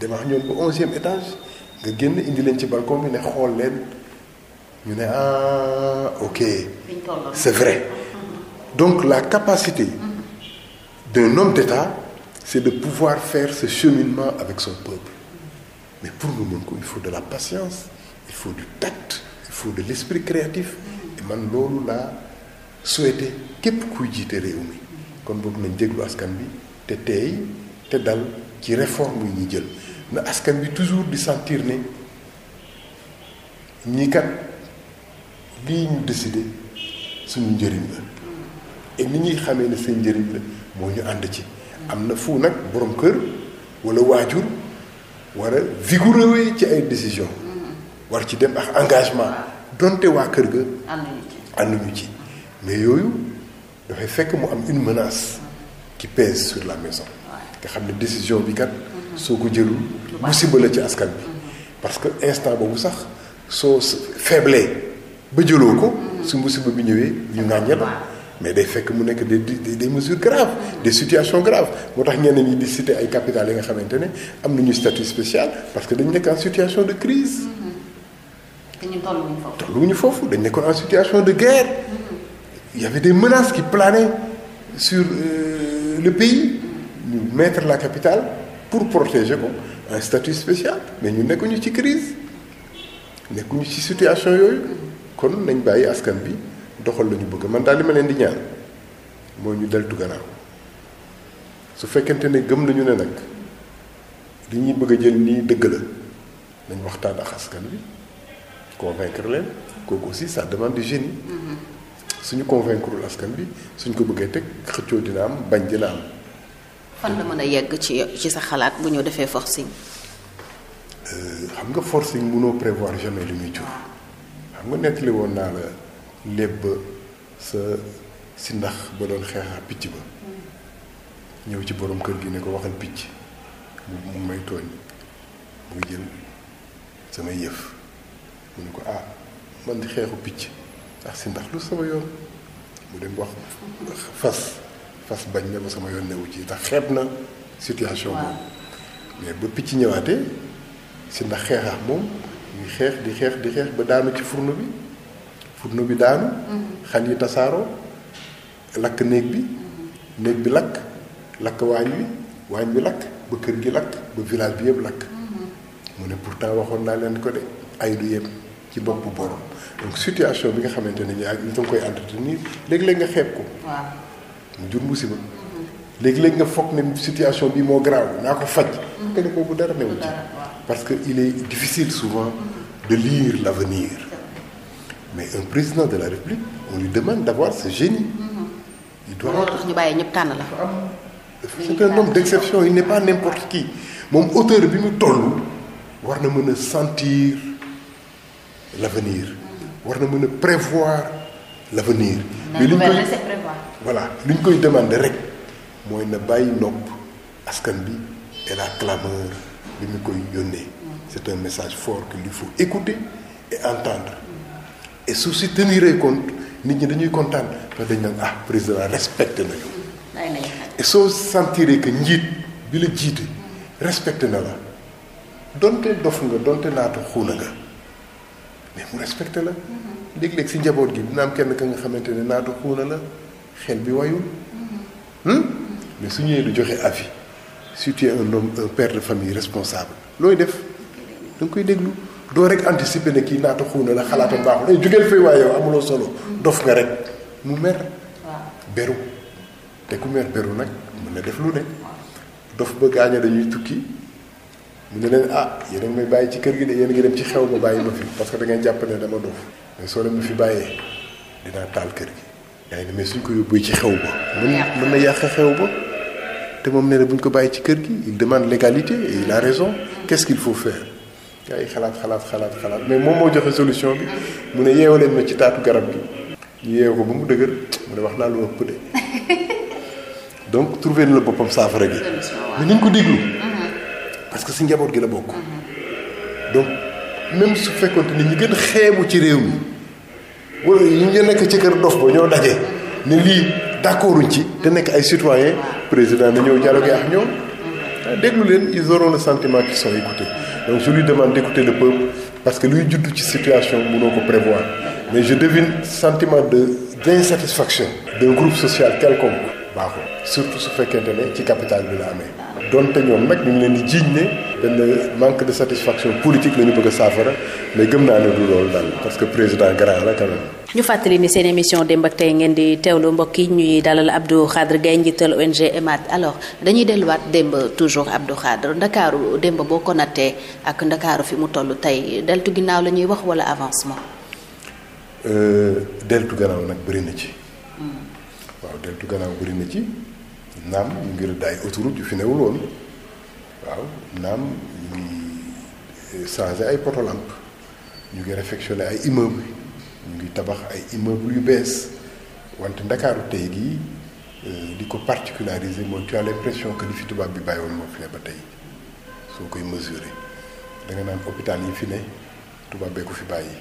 demax ñoom ba onzième étage nga génn indi leen ci balcon bi ne xool leen ñu ne ah ok c'est vrai donc la capacité d'un homme d'État c'est de pouvoir faire ce cheminement avec son peuple mais pour nga mën ko il faut de la patience il faut du tact il faut de l'esprit créatif man loolu laa souhaité képp kuy jiite réew mi kon boog nañ déglu askan bi te teey te dal ci réforme yi ñu jël na askan bi toujours di sentir ne ñii kat lii ñu décidé suñu njëriñ la et ni ñuy xamee ne seen njëriñ la moo ñu ànd ci am na fu nag boroom kër walla waajur war a vigoureux ci ay décision war ci dem ak engagement donte waa kër ga ñu ci mais yooyu dafay fekk mu am une menace qui pèse sur la maison nga xam ne décision bi kat soo ko jëlul musiba la ci askan bi parce que instant boobu sax soo faible ba jëloo ko su musiba bi ñëwee ñu ŋàññe la mais day fekk mu nekk des des mesures graves des situation graves moo tax ñeneen ñi di cité ay capital yi nga xamante ne am nañu statut spécial parce que dañ nekk en situation de crise tolluñu foofu dañu nekkoon en situation de guerre il y avait des ki qui planaient sur euh, le pays ñu mettre la capitale pour protéger ko un statut spécial mais ñu nekkuñu ci crise nekkuñu ci situation yooyu kon nañ bàyyi askan bi doxal nañu bëgg man daal di ma leen di ñaan mooy ñu deltu gannaaw su fekkente ne gëm nañu ne nag li ñuy bëgg a jël nii dëgg la nañ waxtaan ak askan bi convaincre leen kooku aussi ça demande du génie mm-hmm. suñu convaincre askan bi suñ ko bëggee teg xëccoo dina am bañ dina am fan la mën a yegg ci ci sa xalaat bu ñoo defee forcing. Euh, xam nga forcing mënoo prévoir jamais li muy jur xam nga nettali woon naa la lépp sa si ba doon xeexaa picc ba ñëw ci boroom kër gi ni ko waxal picc mu may tooñ muy jël samay yëf mu ne ko ah man di xeexu picc ndax si lu sama yoon mu dem wax fas. fas bañ na ba sama yoon newu ci ndax xeeb na situation moom mais ba picc ñëwaatee si ndax xeexaax moom ñu xeex di xeex di xeex ba daanu ci furno bi furno bi daanu mm-hmm. xal yi tasaaroo lakk néeg bi mm-hmm. néeg bi lakk lakk waañ bi waañ bi lakk ba kër gi lakk ba village bi yëpp lakk mm-hmm. mu ne pourtant waxoon naa leen ko de ay du yëpp ci boppu borom donc situation bi nga xamante ne ñu ngi koy entretenir léeg-léeg nga xeeb ko. jur musiba léegi-léegi nga foog ne situation bi moo grave naa ko faj nga mm-hmm. ne boobu dara newu ci parce que il est difficile souvent de lire l'avenir mais un président de la République on lui demande d'avoir ce génie mm-hmm. il doit moo tax ñu bàyyi ñëpp tànn la c'est un homme d'exception il n'est pas n'importe qui moom auteur bi mu toll war na mën a sentir l'avenir mm-hmm. war na mën a prévoir l'avenir mais luñ koy voilà luñ koy demander rek mooy na bàyyi nopp askan bi et la clameur bi mu koy yónnee mm. c'est un message fort qu'il faut écouter et entendre et su si tenir compte nit ñi dañuy kontaan parce que dañ naan ah président respecté mm. nañu et soo sentiree que njiit bi la jiite respecté na la donte dof nga donte naatu xuuna nga mais mu respecté la mm-hmm. léeg-léeg si njaboot gi dina am kenn ka nga xamante ne naatu xuuna la xel bi wayul hmm? mais su ñëwee du joxe avis si tu es un homme un père de famille responsable looy def da koy déglu doo rek anticiper ne kii naatu xuuna la xalaatam baaxul ay eh, jugeel fay waaye yow amuloo solo dof nga rek mu mer beru te ku mer beru nag mun na def lu ne dof ba gaaño dañuy tukki mu ne leen ah yéen a may bàyyi ci kër gi de yéen ngi dem ci xew ma bàyyi ma fi parce que da ngeen jàpp ne dama mais soo leen fi bàyyee dinaa taal kër gi. yaa ngi mais suñ ko yóbbu ci xew ba. mën mën na yàq xew ba te moom nee na bu ko bàyyi ci kër gi il demande l'égalité et il a raison qu'est-ce qu'il faut faire. yaa xalaat xalaat xalaat xalaat mais moom moo joxe solution bi mu ne yeewa leen ma ci taatu garab gi ñu yeew ko ba mu dëgër mu ne wax naa lu ëpp de [LAUGHS] donc trouvé na la boppam saafara gi. mais nañ ko déglu. Mm-hmm. parce que si njaboot gi la bokk mm-hmm. même su fekkonte ni ñu gën xeebu ci réew mi wala ñu ngi nekk ci kër dof ba ñoo daje ne lii d'accorduñ ci te nekk ay citoyen président na ñëw gi ak ñoom ah, déglu leen ils auront le sentiment qu'ils sont écoutés donc je lui demande d'écouter le peuple parce que luy judd ci situation mënoo ko prévoir mais je devine sentiment de d'insatisfaction d'un groupe social quelconque baaxul surtout su fekkente ne ci capital bi la amee donte ñoom nag ñu ngi leen di jiiñ ne benn manque de satisfaction politique la ñu bëgg a saafara mais gëm naa ne du loolu daal parce que président grand la quand ñu fàttali ni seen émission démb ak tey ngeen di teewlu mbokk yi ñuy dalal Abdou Khadre Gaye njiital ONG EMAD alors dañuy delluwaat démb toujours Abdou Khadre ndakaaru démb boo ko nattee ak ndakaaru fi mu toll tey deltu ginnaaw la ñuy wax wala avancement. Euh, deltu gannaaw nag bëri ci. Hmm. waaw deltu gannaaw bëri na ci. naam ñu ngi rëdd ay autoroute yu fi newul woon waaw naam ñu ngi eh, ay poto ñu ngi réfectionné ay immeuble ñu ngi tabax ay immeuble yu bees wante ndakaaru tey gii eh, di ko particularisé mooy tu as l'impression tubaab bi bàyyi woon moo fi ne ba tey soo koy mesurer danga nga naan hôpital yi fi ne tubaab bee ko fi bàyyi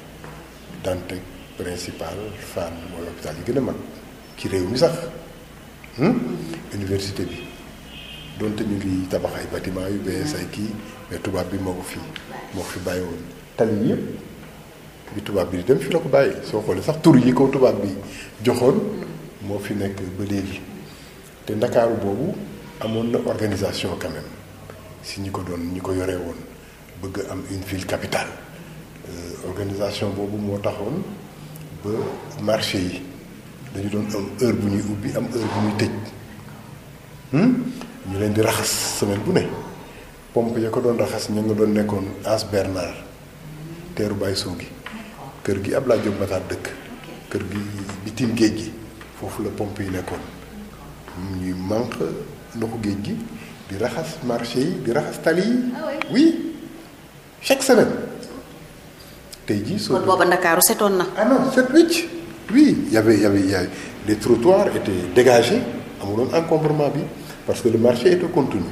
Dantec principal Fann mooy hôpital yi gën a mag ci réew mi sax Hmm? université bi donte ñu ngi tabax ay batiment yu bees ay kii tubaab bi moo ko fi moo ko fi bàyyi woon tali yi bi tubaab bi di dem fi la ko bàyyi soo xoolee sax tur yi ko tubaab bi joxoon moo fi nekk ba léegi te ndakaaru boobu amoon na organisation quand si ñi ko doon ñi ko yoree woon bëgg am une ville capitale euh, organisation boobu moo taxoon ba marché yi dañu doon am heure bu ñuy ubbi am heure bu ñuy tëj hmm? ñu leen di raxas semaine bu ne pompe ya ko doon raxas ñu nga doon nekkoon As Bernard teeru Baye Sow gi kër gi Abdoulaye Diop Matar dëkk kër gi bitim géej gi foofu la pompe yi nekkoon ñuy manq ndoxu géej gi di raxas marché yi di raxas tali yi ah oui chaque semaine tey jii soo booba Ndakaaru setoon na ah non set wicc pluie y avait y avait y avait les trottoirs étaient dégagés amuloon encombrement bi parce que le marché était continue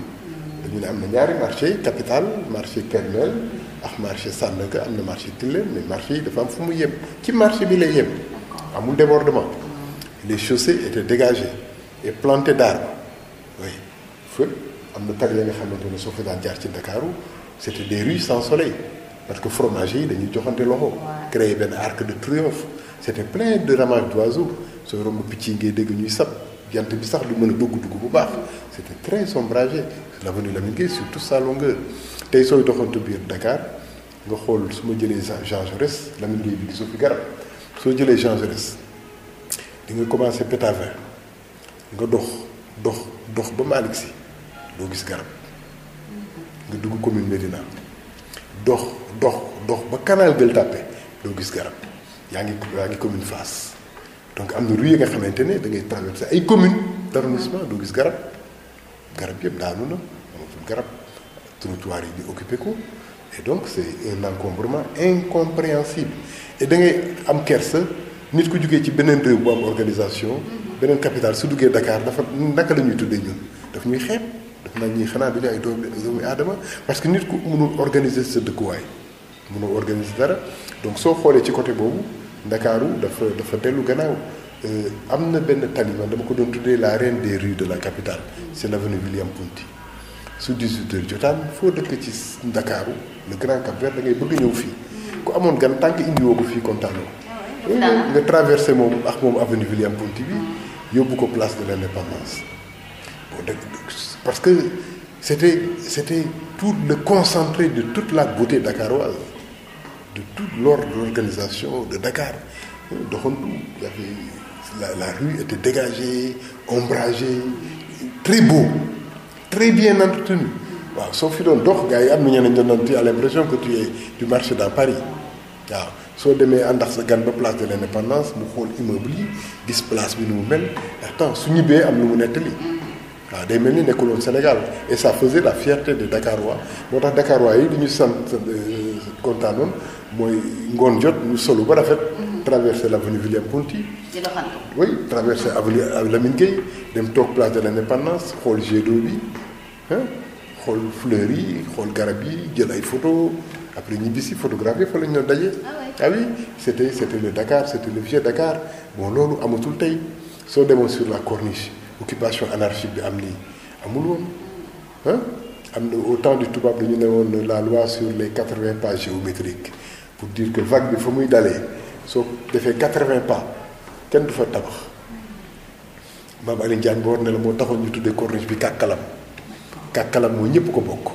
dañu ne am na ñaari marché capital marché Kermel ak marché Sandaga am na marché Tilène mais marché yi dafa am fu mu yem ci marché bi lay yem amul débordement les chaussées étaient dégagées et plantées d'arbres oui fa am na tag ya nga xamante ne soo fa daan jaar ci Ndakaaru c'était des rues sans soleil parce que fromager yi dañuy joxante loxo créer benn arc de triomphe c'était plein de ramage d'oiseaux soo romb picc yi ngay dégg ñuy sab jant bi sax lu mën a dugg dugg bu baax c'était très ombragé l'avenue Lamine Gueye sur toute sa longueur tey sooy doxantu biir Dakar nga xool su ma jëlee Jean Jaurès Lamine Gueye bi gisoo fi garab soo jëlee Jean Jaurès di nga commencé Pétavin nga dox dox dox ba Malick si doo gis garab nga dugg commune Médina dox dox dox ba canal Gueule Tapée doo gis garab yaa ngi yaa ngi commune Fass donc am na rue yi nga xamante ne da ngay traversé ay commune d'arrondissement doo gis garab garab yëpp daanu na amatul garab trottoir yi di occupé ko et donc c'est un encombrement incompréhensible et da ngay am kersa nit ku jugee ci beneen réew bu am organisation beneen capital su duggee Dakar dafa naka la ñuy tuddee ñun daf ñuy xeeb daf naa ñuy xanaa dañu ay doomu aadama parce que nit ku mënul organiser sa dëkkuwaay mënoo organiser dara donc soo xoolee ci côté boobu ndakaaru dafa dafa dellu gannaaw euh, am na benn tali dama ko doon tuddee la reine des rues de la capitale c'est l'avenue William Ponty su 18 heures jotaan foo dëkk ci ndakaaru le Grand Cap-Vert da ngay bëgg ñëw fii ku amoon gan tànk indiwoo ko fii kontaanoo ah nga traversé moom ak moom avenue William Ponty bi yóbbu ko place de l'indépendance bon dëgg parce que c'était c'était tout le concentré de toute la beauté dakaroise de tout l'ordre de l'organisation de Dakar. Dohontou, il y avait, la, la, rue était dégagée, ombragée, très beau, très bien entretenu. waaw soo fi doon dox gars yi am na ñeneen ñu doon tu as l'impression que tu es du marché dans Paris waaw soo demee àndax sa gan ba place de l'indépendance mu xool immeuble yi gis place bi ni mu mel attends su ñibbee am lu mu nettali waaw day mel ni nekkul woon Sénégal et sa faisait la fierté de Dakarois moo tax Dakarois yi di ñu sant euh, kontaanoon mooy ngoon jot ñu solu ba rafet. traverse l' avenue William Ponty. di doxantu oui traverser avenue Lamine Gueye dem toog place de l' indépendance xool jet bi xool fleurs yi xool garab yi jël ay photo après ñibbi si photographe yi fa la ñu doon daje. ah, ah oui c' était c' était le Dakar c' le vieux Dakar bon loolu amatul tey soo demoon sur la corniche occupation anarchique bi am nii amul woon am na au temps du tubaab dañu ne woon la loi sur les quatre-vingts pages géométriques. pour dire que vague bi fa muy dalee soo defee quatre-vingts pas kenn du fa tabax maam Alioune boo war ne la moo taxoon ñu tuddee corniche bi kàkkalam kàkkalam moom ñëpp ko bokk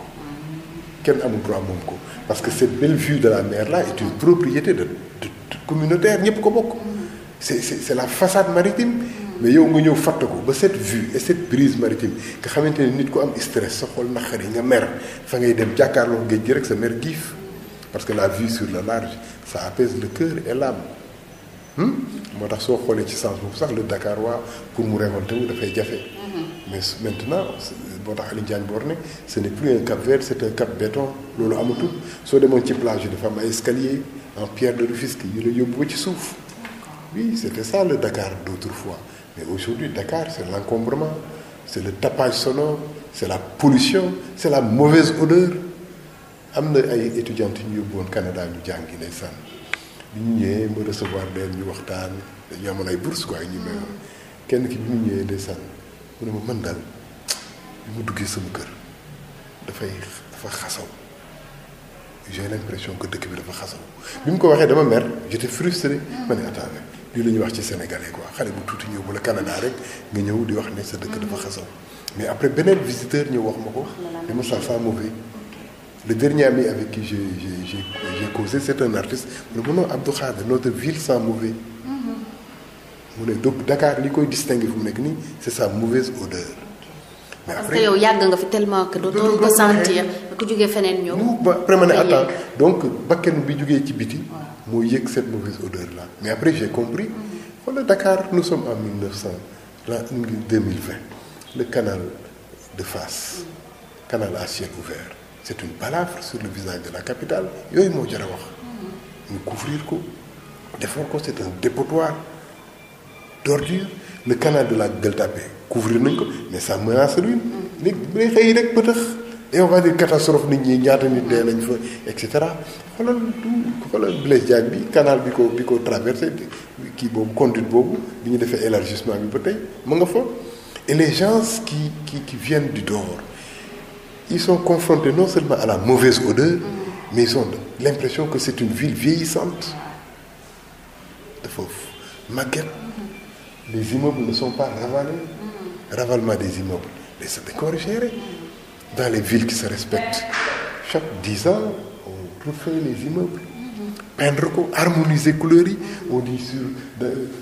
kenn amul droit moom ko parce que cette belle vue de la mer la est une propriété de communautaire ñëpp ko bokk c'est c'est la façade maritime mais yow nga ñëw fatt ko ba cette vue et cette brise maritime nga xamante ni nit ku am stress sa xool xol naqari nga mer fa ngay dem jàkkaarloo géej gi rek sa mer giif parce que la vue sur le large ça apaise le cœur et l'âme hmm? moo tax soo xoolee ci sens boobu sax le Dakar waa pour mu révolter wu dafay jafe. Mm-hmm. mais maintenant boo tax Alioune Diagne Borné ce n'est plus un cap vert c'est un cap béton loolu amatul soo demoon ci plage yi dafa am ay escalier en pierre de Rufisque yu la yóbbu ci suuf. oui c'était ça le Dakar d'autrefois mais aujourd'hui Dakar c'est l'encombrement c'est le tapage sonore c'est la pollution c'est la mauvaise odeur. am na ay étudiante ñu yóbbu woon Canada ñu jàngi ndeysaan bi ñu ñëwee ma recevoir leen ñu waxtaan dañu amoon ay bourse quoi ñu may mm-hmm. kenn ki bi mu ñëwee ndeysaan mu ne ma man daal bi mu duggee sama kër dafay dafa xasaw j'ai l'impression que dëkk bi dafa xasaw bi mu ko waxee dama mer j'étais frustré mm-hmm. ma ne attendez lii la wax ci sénégalais quoi xale bu tuuti ñu bu la Canada rek nga ñëw di wax ne sa dëkk dafa mm-hmm. xasaw mais après beneen visiteur ñëw wax ma ko dama saa saa mauvais Le dernier ami avec qui j'ai causé, c'est un artiste mu ne ma notre ville sent mauvais. Mm-hmm. mu ne donc Dakar li koy distinguer fu mu nekk nii c'est sa mauvaise odeur. mais après parce nga fi tellement que dootoo ko sentir ku jugee feneen ñëw. donc bakken bi jugee ci biti. moo yëg cette mauvaise odeur là mais après j'ai compris. wala mm-hmm. Dakar nous sommes en la 2020 le canal de Fass mm. canal à ouvert. c'est une balafre sur le visage de la capitale yooyu moo jar a wax ñu couvrir ko defar ko c'est un dépotoir d'ordure le canal de la Gueule Tapée couvrir nañ ko mais ça menace ruine léegi day xëy rek pëtëx et on nit ñi ñaata nit dee nañ fa et cetera xoolal du xoolal Blaise Diagne bi canal bi ko traversé kii boobu conduite boobu bi ñu defee élargissement bi ba tey mu nga fa et les gens qui qui qui viennent du dehors ils sont confrontés non seulement à la mauvaise odeur mm. mais ils ont l'impression que c'est une ville vieillissante dafa màgget mm. les immeubles ne sont pas mm. ravalement des immeubles mais c'est dañ ko war a gérer dans les villes qui se respectent chaque dix ans on refait les immeubles mm-hmm. peindre ko harmoniser couleurs yi mm-hmm. on dit sur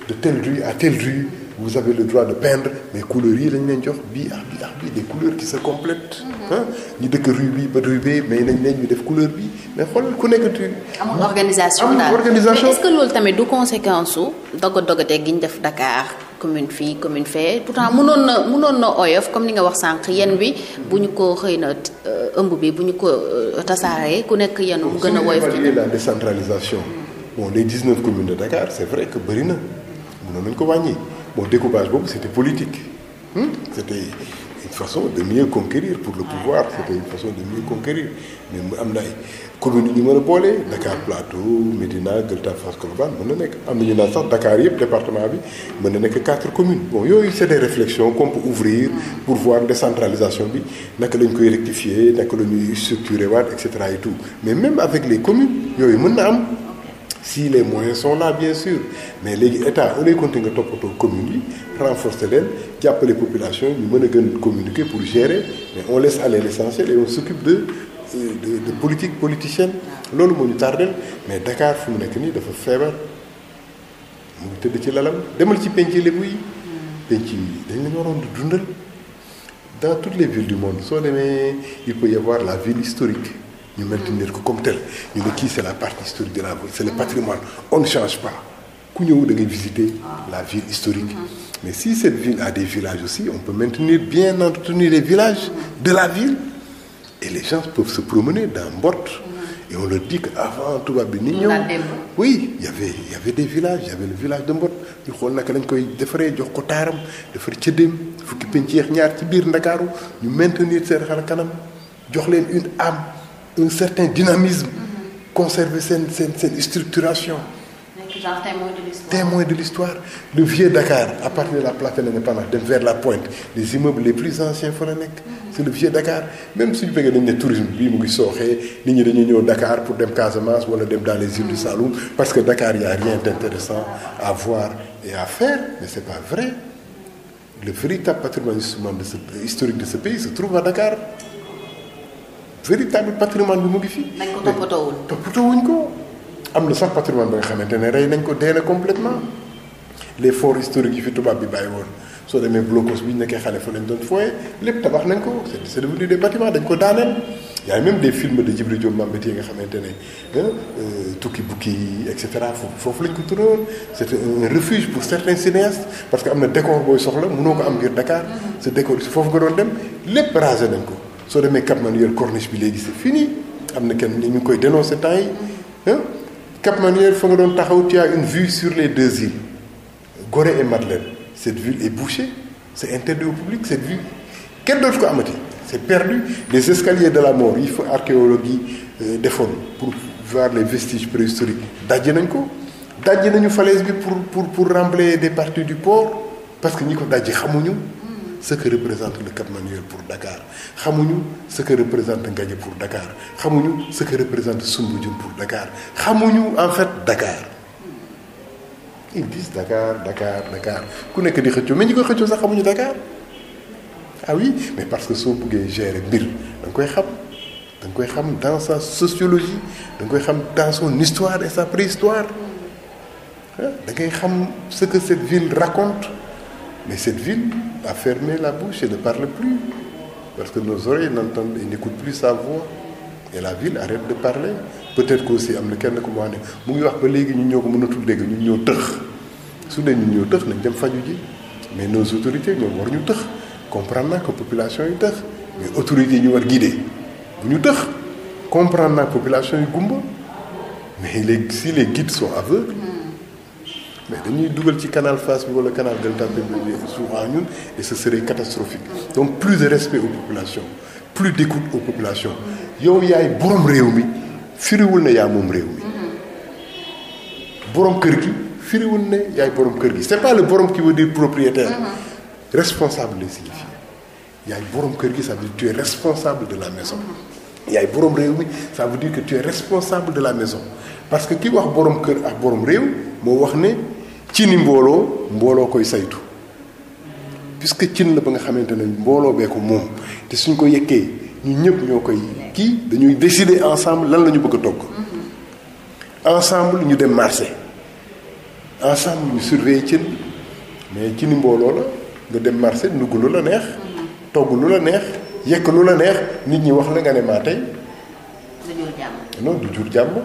de telle rue à telle rue vous avez le droit de peindre mais couleurs yi lañ leen jox bii ah bii ah bii des couleurs qui se complètent. Mhm. ñu dëkk rue ba rue bee mais nañ leen ñu def couleur bi mais xool ku nekk tuuti. amul organisation daal mais est-ce que loolu tamit du conséquence su dogo dogote gi ñu def Dakar commune fii commune fee pourtant mënoon mm-hmm. na mënoon na oyof comme ni nga wax sànq yen bi bu ñu ko xëy na euh, ëmb bi bu ñu ko euh, tasaaree ku nekk yenu mu gën a oyof. ci la décentralisation de Dakar na mënoon bon découpage boobu c'était politique hmm? c'était une façon de mieux conquérir pour le pouvoir c'était une façon de mieux conquérir mais mu am na ay commune yi ñu mën a boole Dakar Plateau Médina Gueule Tapée Fass Colobane mën na nekk am na ñu naan sax Dakar yëpp département bi mën na nekk quatre communes bon yooyu c'est des réflexions qu'on ouvrir pour voir décentralisation bi naka lañ koy rectifier naka la ñuy structurer waat et cetera et tout mais même avec les communes yooyu mën na am si les moyens sont la bien sur mais léegi état au lieu continuer nga toppatoo communes yi renforcer leen jàppale population ñu mën a gën communiquer pour gérer mais on laisse aller l'essentiel et on s'occupe de de de politique politicienne loolu moo ñu tardel mais Dakar fu mu nekk nii dafa feebar mu ngi tëdd ci lalam demal ci penc lébu yi penc yi dañ leen waroon di dundal dans toutes les villes du monde soo demee il peut y avoir la ville historique ñu maintenir ko comme tel ñu ne kii c'est la partie historique de la ville c'est le patrimoine on ne change pas ku ñëw da ngay la ville historique mm-hmm. mais si cette ville a des villages aussi on peut bien entretenir les villages mm-hmm. de la ville et les gens peuvent se promener dans Mbott mm-hmm. on tubaab bi ni ñëw oui il des villages le village de Mbott ñu xool naka lañ koy defaree jox ko taaram defar cëddeem fukki penceex ñaar ci biir Ndakaaru ñu maintenir seen xar kanam jox leen une âme un certain dynamisme. Mm-hmm. conserver seen seen seen structuration. témoin de l'histoire le vieux Dakar à partir de la plateforme indépendance dem vers la pointe les immeubles les plus anciens fa la nekk mm-hmm. c'est le vieux Dakar même suñu fekkee dañ ne tourisme bii mu ngi sooxee nit ñi dañuy ñëw Dakar pour dem Casamance wala dem dans les îles du mm-hmm. Saloum parce que Dakar y a rien d'intéressant à voir et à faire mais c'est pas vrai le véritable patrimoine de ce, historique véritable patrimoine bi mu ngi fii. nañ ko toppatoowul toppatoowuñ ko. am na sax patrimoine bi nga xamante ne rey nañ ko dee na complètement les forts historiques yi fi tubaab bi bàyyi woon soo demee blocos bi ñu nekkee xale fa lañ doon fooye lépp tabax nañ ko c'est c'est devenu des bâtiments dañ ko daaneel. y a même des films de Djibril Diop Mambéty yi nga xamante ne euh, tukki bukki et cetera foofu lañ ko tourné woon c'était un refuge pour certains cinéastes parce que am na décor booy soxla mënoo am ngir Dakar. Mm-hmm. ce foofu nga dem lépp rasé nañ ko. soo demee Cap Manuel corniche bi léegi c'est fini am na kenn ñu ngi koy dénoncer temps yi Cap Manuel fa nga doon taxaw tu une vue sur les deux îles Gorée et Madeleine cette vue est bouchée c'est interdit au public cette vue kenn dootu ko amati c'est perdu les escaliers de la mort yi fa archéologues euh, yi defoon pour voir les vestiges préhistoriques dajji nañ ko dajj nañu falaise bi pour pour pour remblayer des parties du port parce que ñi ko dajji xamuñu ce que représente le Cap Manuel pour Dakar xamuñu ce que représente Ngagne pour Dakar xamuñu ce que représente Soumbédioune pour Dakar xamuñu en fait Dakar ils disent Dakar Dakar Dakar ku nekk di xëccoo mais ñu koy xëccoo sax xamuñu Dakar ah oui mais parce que soo buggee gérer mbir da koy xam da koy xam dans sa sociologie da nga koy xam dans son histoire et sa préhistoire ah, da ngay xam ce que cette ville raconte. Mais cette ville a fermé la bouche de ne parle plus. Parce que nos oreilles n'entendent et n'écoutent plus sa voix. Et la ville arrête de parler. Peut-être qu'aussi am na kenn ku mu wax ne mu ngi wax ba léegi ñu ñoo ko mënatul dégg ñu ñoo tëx su dee ñu ñoo tëx nañ dem faju ji mais nos autorités ñoom war ñu tëx comprendre naa ko population yu tëx mais autorités yi ñu war guider bu ñu tëx comprendre naa population yi gumba mais les si les guides sont aveugles mais dañuy dugal ci canal Fass bi wala canal Delta bi souvent ñun et ce serait catastrophique donc plus de respect aux populations plus d'écoute aux populations yow yaay borom réew mi firiwul ne yaa moom réew mi borom kër gi firiwul ne yaay borom kër gi c'est pas le borom qui veut dire propriétaire mm-hmm. responsable lay signifie yaay borom kër gi ça veut dire tu es responsable de la maison mm-hmm. yaay borom réew mi ça veut dire que tu es responsable de la maison parce que ki wax borom kër ak borom réew moo wax ne cini mbooloo mbooloo koy saytu puisque cin la ba nga xamante ne mbooloo bee ko moom te suñ ko yekkee ñu ñëpp ñoo koy kii dañuy décider ensemble lan la ñu bëgg a togg ensemble ñu dem marché ensemble ñu surveiller cin mais cini mbooloo la nga dem marché ndugg lu la neex togg lu la neex yekk lu la neex nit ñi wax la nga ne maa tey non du jur jàmm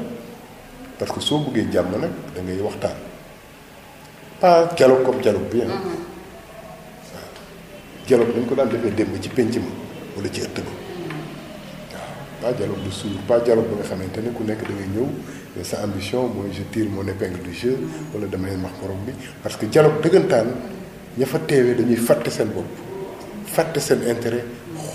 parce que soo bëggee jàmm nag da waxtaan pas ah, dialogue comme dialogue bi ah. Mhm. waaw dialogue dañ ko daan defee démb ci pénc ma wala ci ëtt ba waaw pas dialogue bu suur pas dialogue ba nga xamante ne ku nekk da ngay ñëw sa ambition mooy je tire mon épingle du jeu wala damay max morom bi parce que dialogue dëggantaan ña fa teewee dañuy fàtte seen bopp fàtte seen intérêt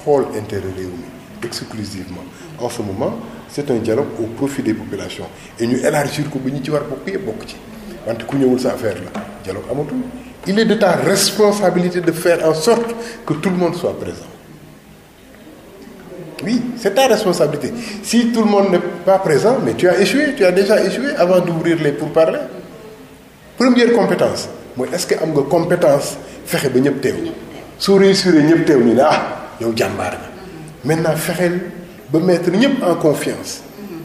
xool intérêt réew mi exclusivement en ce moment c'est un dialogue au profit des populations et ñu élargir ko ba ñu ci war bokk yëpp bokk ci. wante ku ñëwul sa affaire la dialogue amatul il est de ta responsabilité de faire en sorte que tout le monde soit présent oui c'est ta responsabilité si tout le monde ne pas présent mais tu as échoué tu as déjà échoué avant d'ouvrir les pourparlers première compétence mooy est-ce que am nga compétence fexe ba ñëpp teew soo réussir ñëpp teew ñu ne ah yow jàmbaar nga maintenant fexeel ba mettre ñëpp en confiance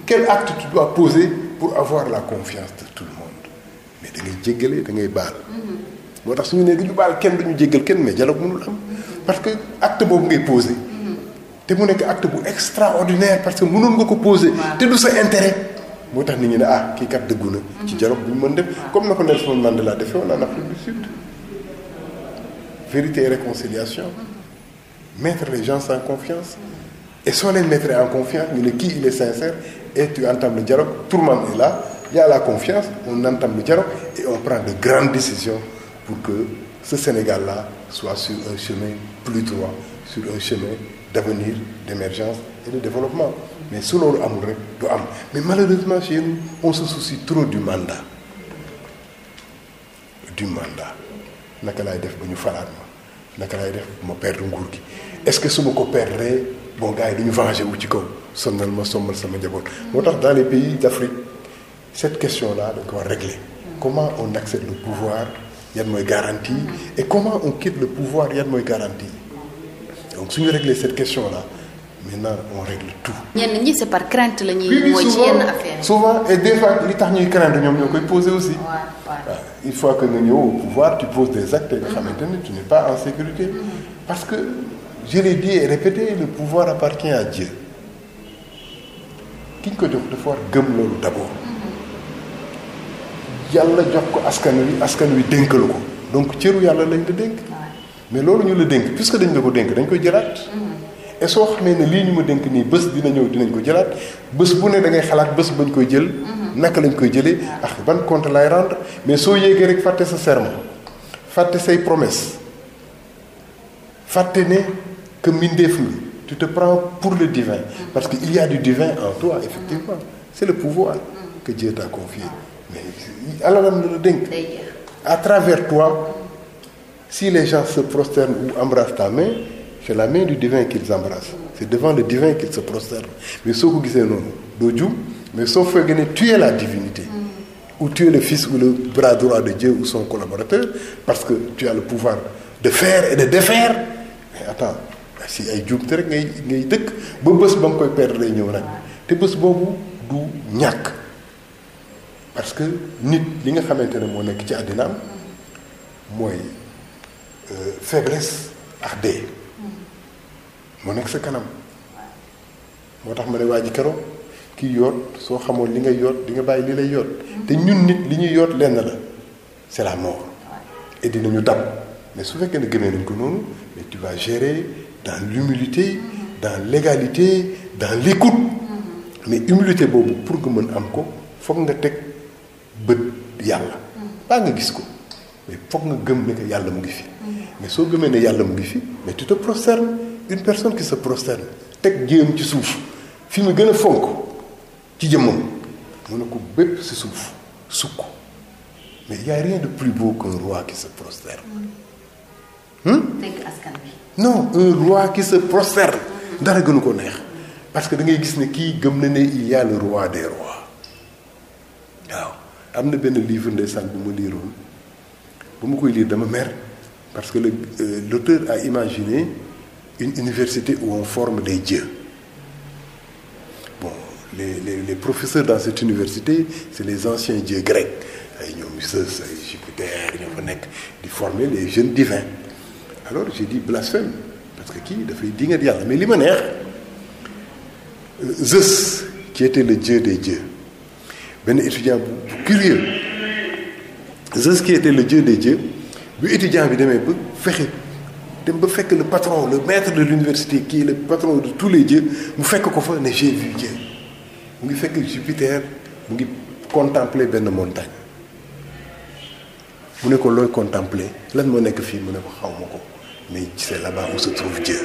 quel acte tu dois poser pour avoir la confiance da ngay jéggale baal. moo tax su suñu nee duñu baal kenn duñu jéggal kenn mais dialogue mënul am parce que acte boobu ngay posé. te mu nekk acte bu extraordinaire parce que mënoon nga ko posé. te du sa intérêt. moo tax nit ñi ne ah kii kat dëggu na. ci mhm. dialogue bu ñu mën def comme na ko Nelson Mandela defee woon na Afrique du Sud. vérité et réconciliation mhm. mettre les gens en confiance et soo leen mettre en confiance ñu ne kii il est sincère et tu entames le dialogue tout le monde est là il y prend de grandes décisions pour que ce Sénégal-là soit sur un chemin plus droit, sur un chemin d'avenir, d'émergence et de développement. mais su loolu amul rek du am mais malheureusement chez nous on se trop du mandat du mandat naka laay def ba ñu falaat ma naka laay def ba ma perdre nguur gi est-ce que su ma ko perdree bon gars yi du ñu venger wu ci kaw sonnal ma sommal sama njaboot moo tax dans les pays d'Afrique cette question là dañ ko war régler comment on accède le pouvoir yan mooy garantie et comment on quitte le pouvoir yan mooy garantie donc suñu régler cette question là maintenant on règle tout. ñenn ñi c'est par crainte la ñuy. mooy ci yenn affaire souvent et des fois li tax ñuy craindre ñoom ñoo koy poser aussi. waaw ah, il faut que nga ñëw au pouvoir tu poses des actes nga xamante ne tu n'es pas en sécurité. Mm-hmm. parce que je l'ai dit et répété le pouvoir appartient à Dieu ki ñu ko jox dafa war gëm loolu d'abord. yàlla jox ko askan wi askan wi dénkalu ko donc cëru yàlla lañ la dénk mais loolu ñu la dénk puisque dañ la ko dénk dañ koy jëlaat mm-hmm. et soo xamee ne lii ñu ma dénk nii bés dina ñëw dinañ ko jëlaat bés bu ne da ngay xalaat bés bañ koy jël mm-hmm. naka lañ koy jëlee ak ah, ban compte lay rendre mais soo yéegee rek fàtte sa serment fàtte say promesse fàtte ne que mbindeef mi tu te prends pour le divin mm-hmm. parce que il y a du divin en toi effectivement c'est le pouvoir que mais alalam la la dénk. à travers toi si les gens se prosternent ou embrassent ta main la main du divin qu'ils embrassent c'est devant le divin qu'ils se prosternent mais soo ko gisee noonu doo jum mais soo fekkee ne tu es la divinité. Mm. ou tu es le fils ou le bras droit de Dieu ou son collaborateur parce que tu as le pouvoir de faire et de défaire mais si ay jumte rek ngay ngay dëkk ba bés ba nga koy lay ñëw nag te bés boobu du ñàkk. parce que nit li nga xamante ne moo nekk ci àddinaam mooy euh, faiblesse ak dee moo nekk sa kanam moo tax ma ne waa ji keroog kii yoot soo xamoon li nga yoot di nga bàyyi li lay yoot te ñun nit li ñuy yoot lenn la c'est la mort et dinañu dab mais su fekkee ne gëmee nañ ko noonu mais tu vas gérer dans l'humilité dans l'égalité dans l'écoute mm-hmm. mais humilité boobu pour nga mën am ko foog nga teg bët yàlla baa nga gis ko mais foog nga gëm ne yàlla mu ngi fi mm-hmm. mais soo gëmee ne yàlla mu ngi fi mais tu te prosternes une personne qui sa prosterne teg jéem ci suuf fi mu gën a fonk ci jëmmam mu na ko bépp si suuf sukk mais y rien de plus beau qu'un roi qui se prosterne mm-hmm. hmm? non un roi qui se prosterne mm-hmm. dara gënu ko neex parce que da ngay gis ne kii gëm na ne il y a le roi am na benn livre ndeysaan bu ma liiroon bu ma koy liir dama mer parce que la euh, l'auteur a imaginé une université où on forme de dieux bon les le les professeurs dans cette université c'est les anciens dieux grecs ay ñoom Zeus ay Jupiter ñoo fa nekk di forme les jeunes divins alors j'ai dit blasphème parce que kii dafay dingat yàlla mais li ma neex euh, Zeus qui était le dieu des benn étudiant bu curieux Zeus qui était le dieu des dieux bu étudiant bi demee ba fexe dem ba fekk le patron la maître de l'université qui est le patron de tous les dieux mu fekk ko fa ne j'ai vu Dieu mu ngi fekk Jupiter mu ngi contempler benn montagne mu ne ko looy contempler lan moo nekk fii mu ne ko xaw ma ko mais c'est là-bas où se trouve Dieu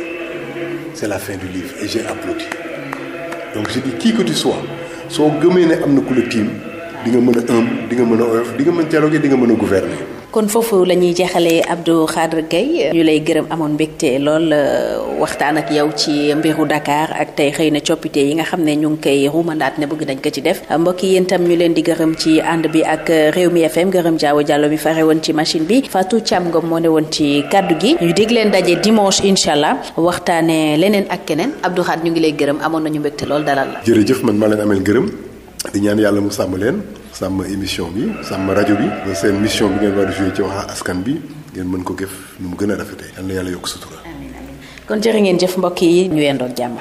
c'est la fin du livre et j'ai applaudi donc je dis qui que tu sois soo gëmee ne am na ku la tiim di nga mën a ëmb di nga mën a oyof di nga mën dialoguer di nga mën a gouverner kon foofu la ñuy jeexalee Abdou Khadre Gaye ñu lay gërëm amoon mbégte lool euh, waxtaan ak yow ci mbiru Dakar ak tey xëy na coppite yi nga xam ne ñu ngi koy ruumandaat ne bëgg nañ ko ci def mbokk yi yéen tam ñu leen di gërëm ci ànd bi ak euh, Rewmi FM gërëm Diawo Diallo mi fare woon ci machine bi Fatou Thiam Ngom moo ne woon ci kaddu gi ñu dig leen daje dimanche incha allah waxtaanee leneen ak keneen Abdou Khadre ñu ngi lay gërëm amoon nañu mbégte lool dalal la. jërëjëf man maa leen ameel gërëm di ñaan yàlla mu sàmm émission bi sàmm rajo bi. seen mission bi ngeen war a joué ci wax askan bi ngeen mën ko gëf nu mu gën a rafetee. yal na yàlla yokk sutura. amiin amiin kon jërë ngeen jëf mbokk yi ñu yendoog jàmm.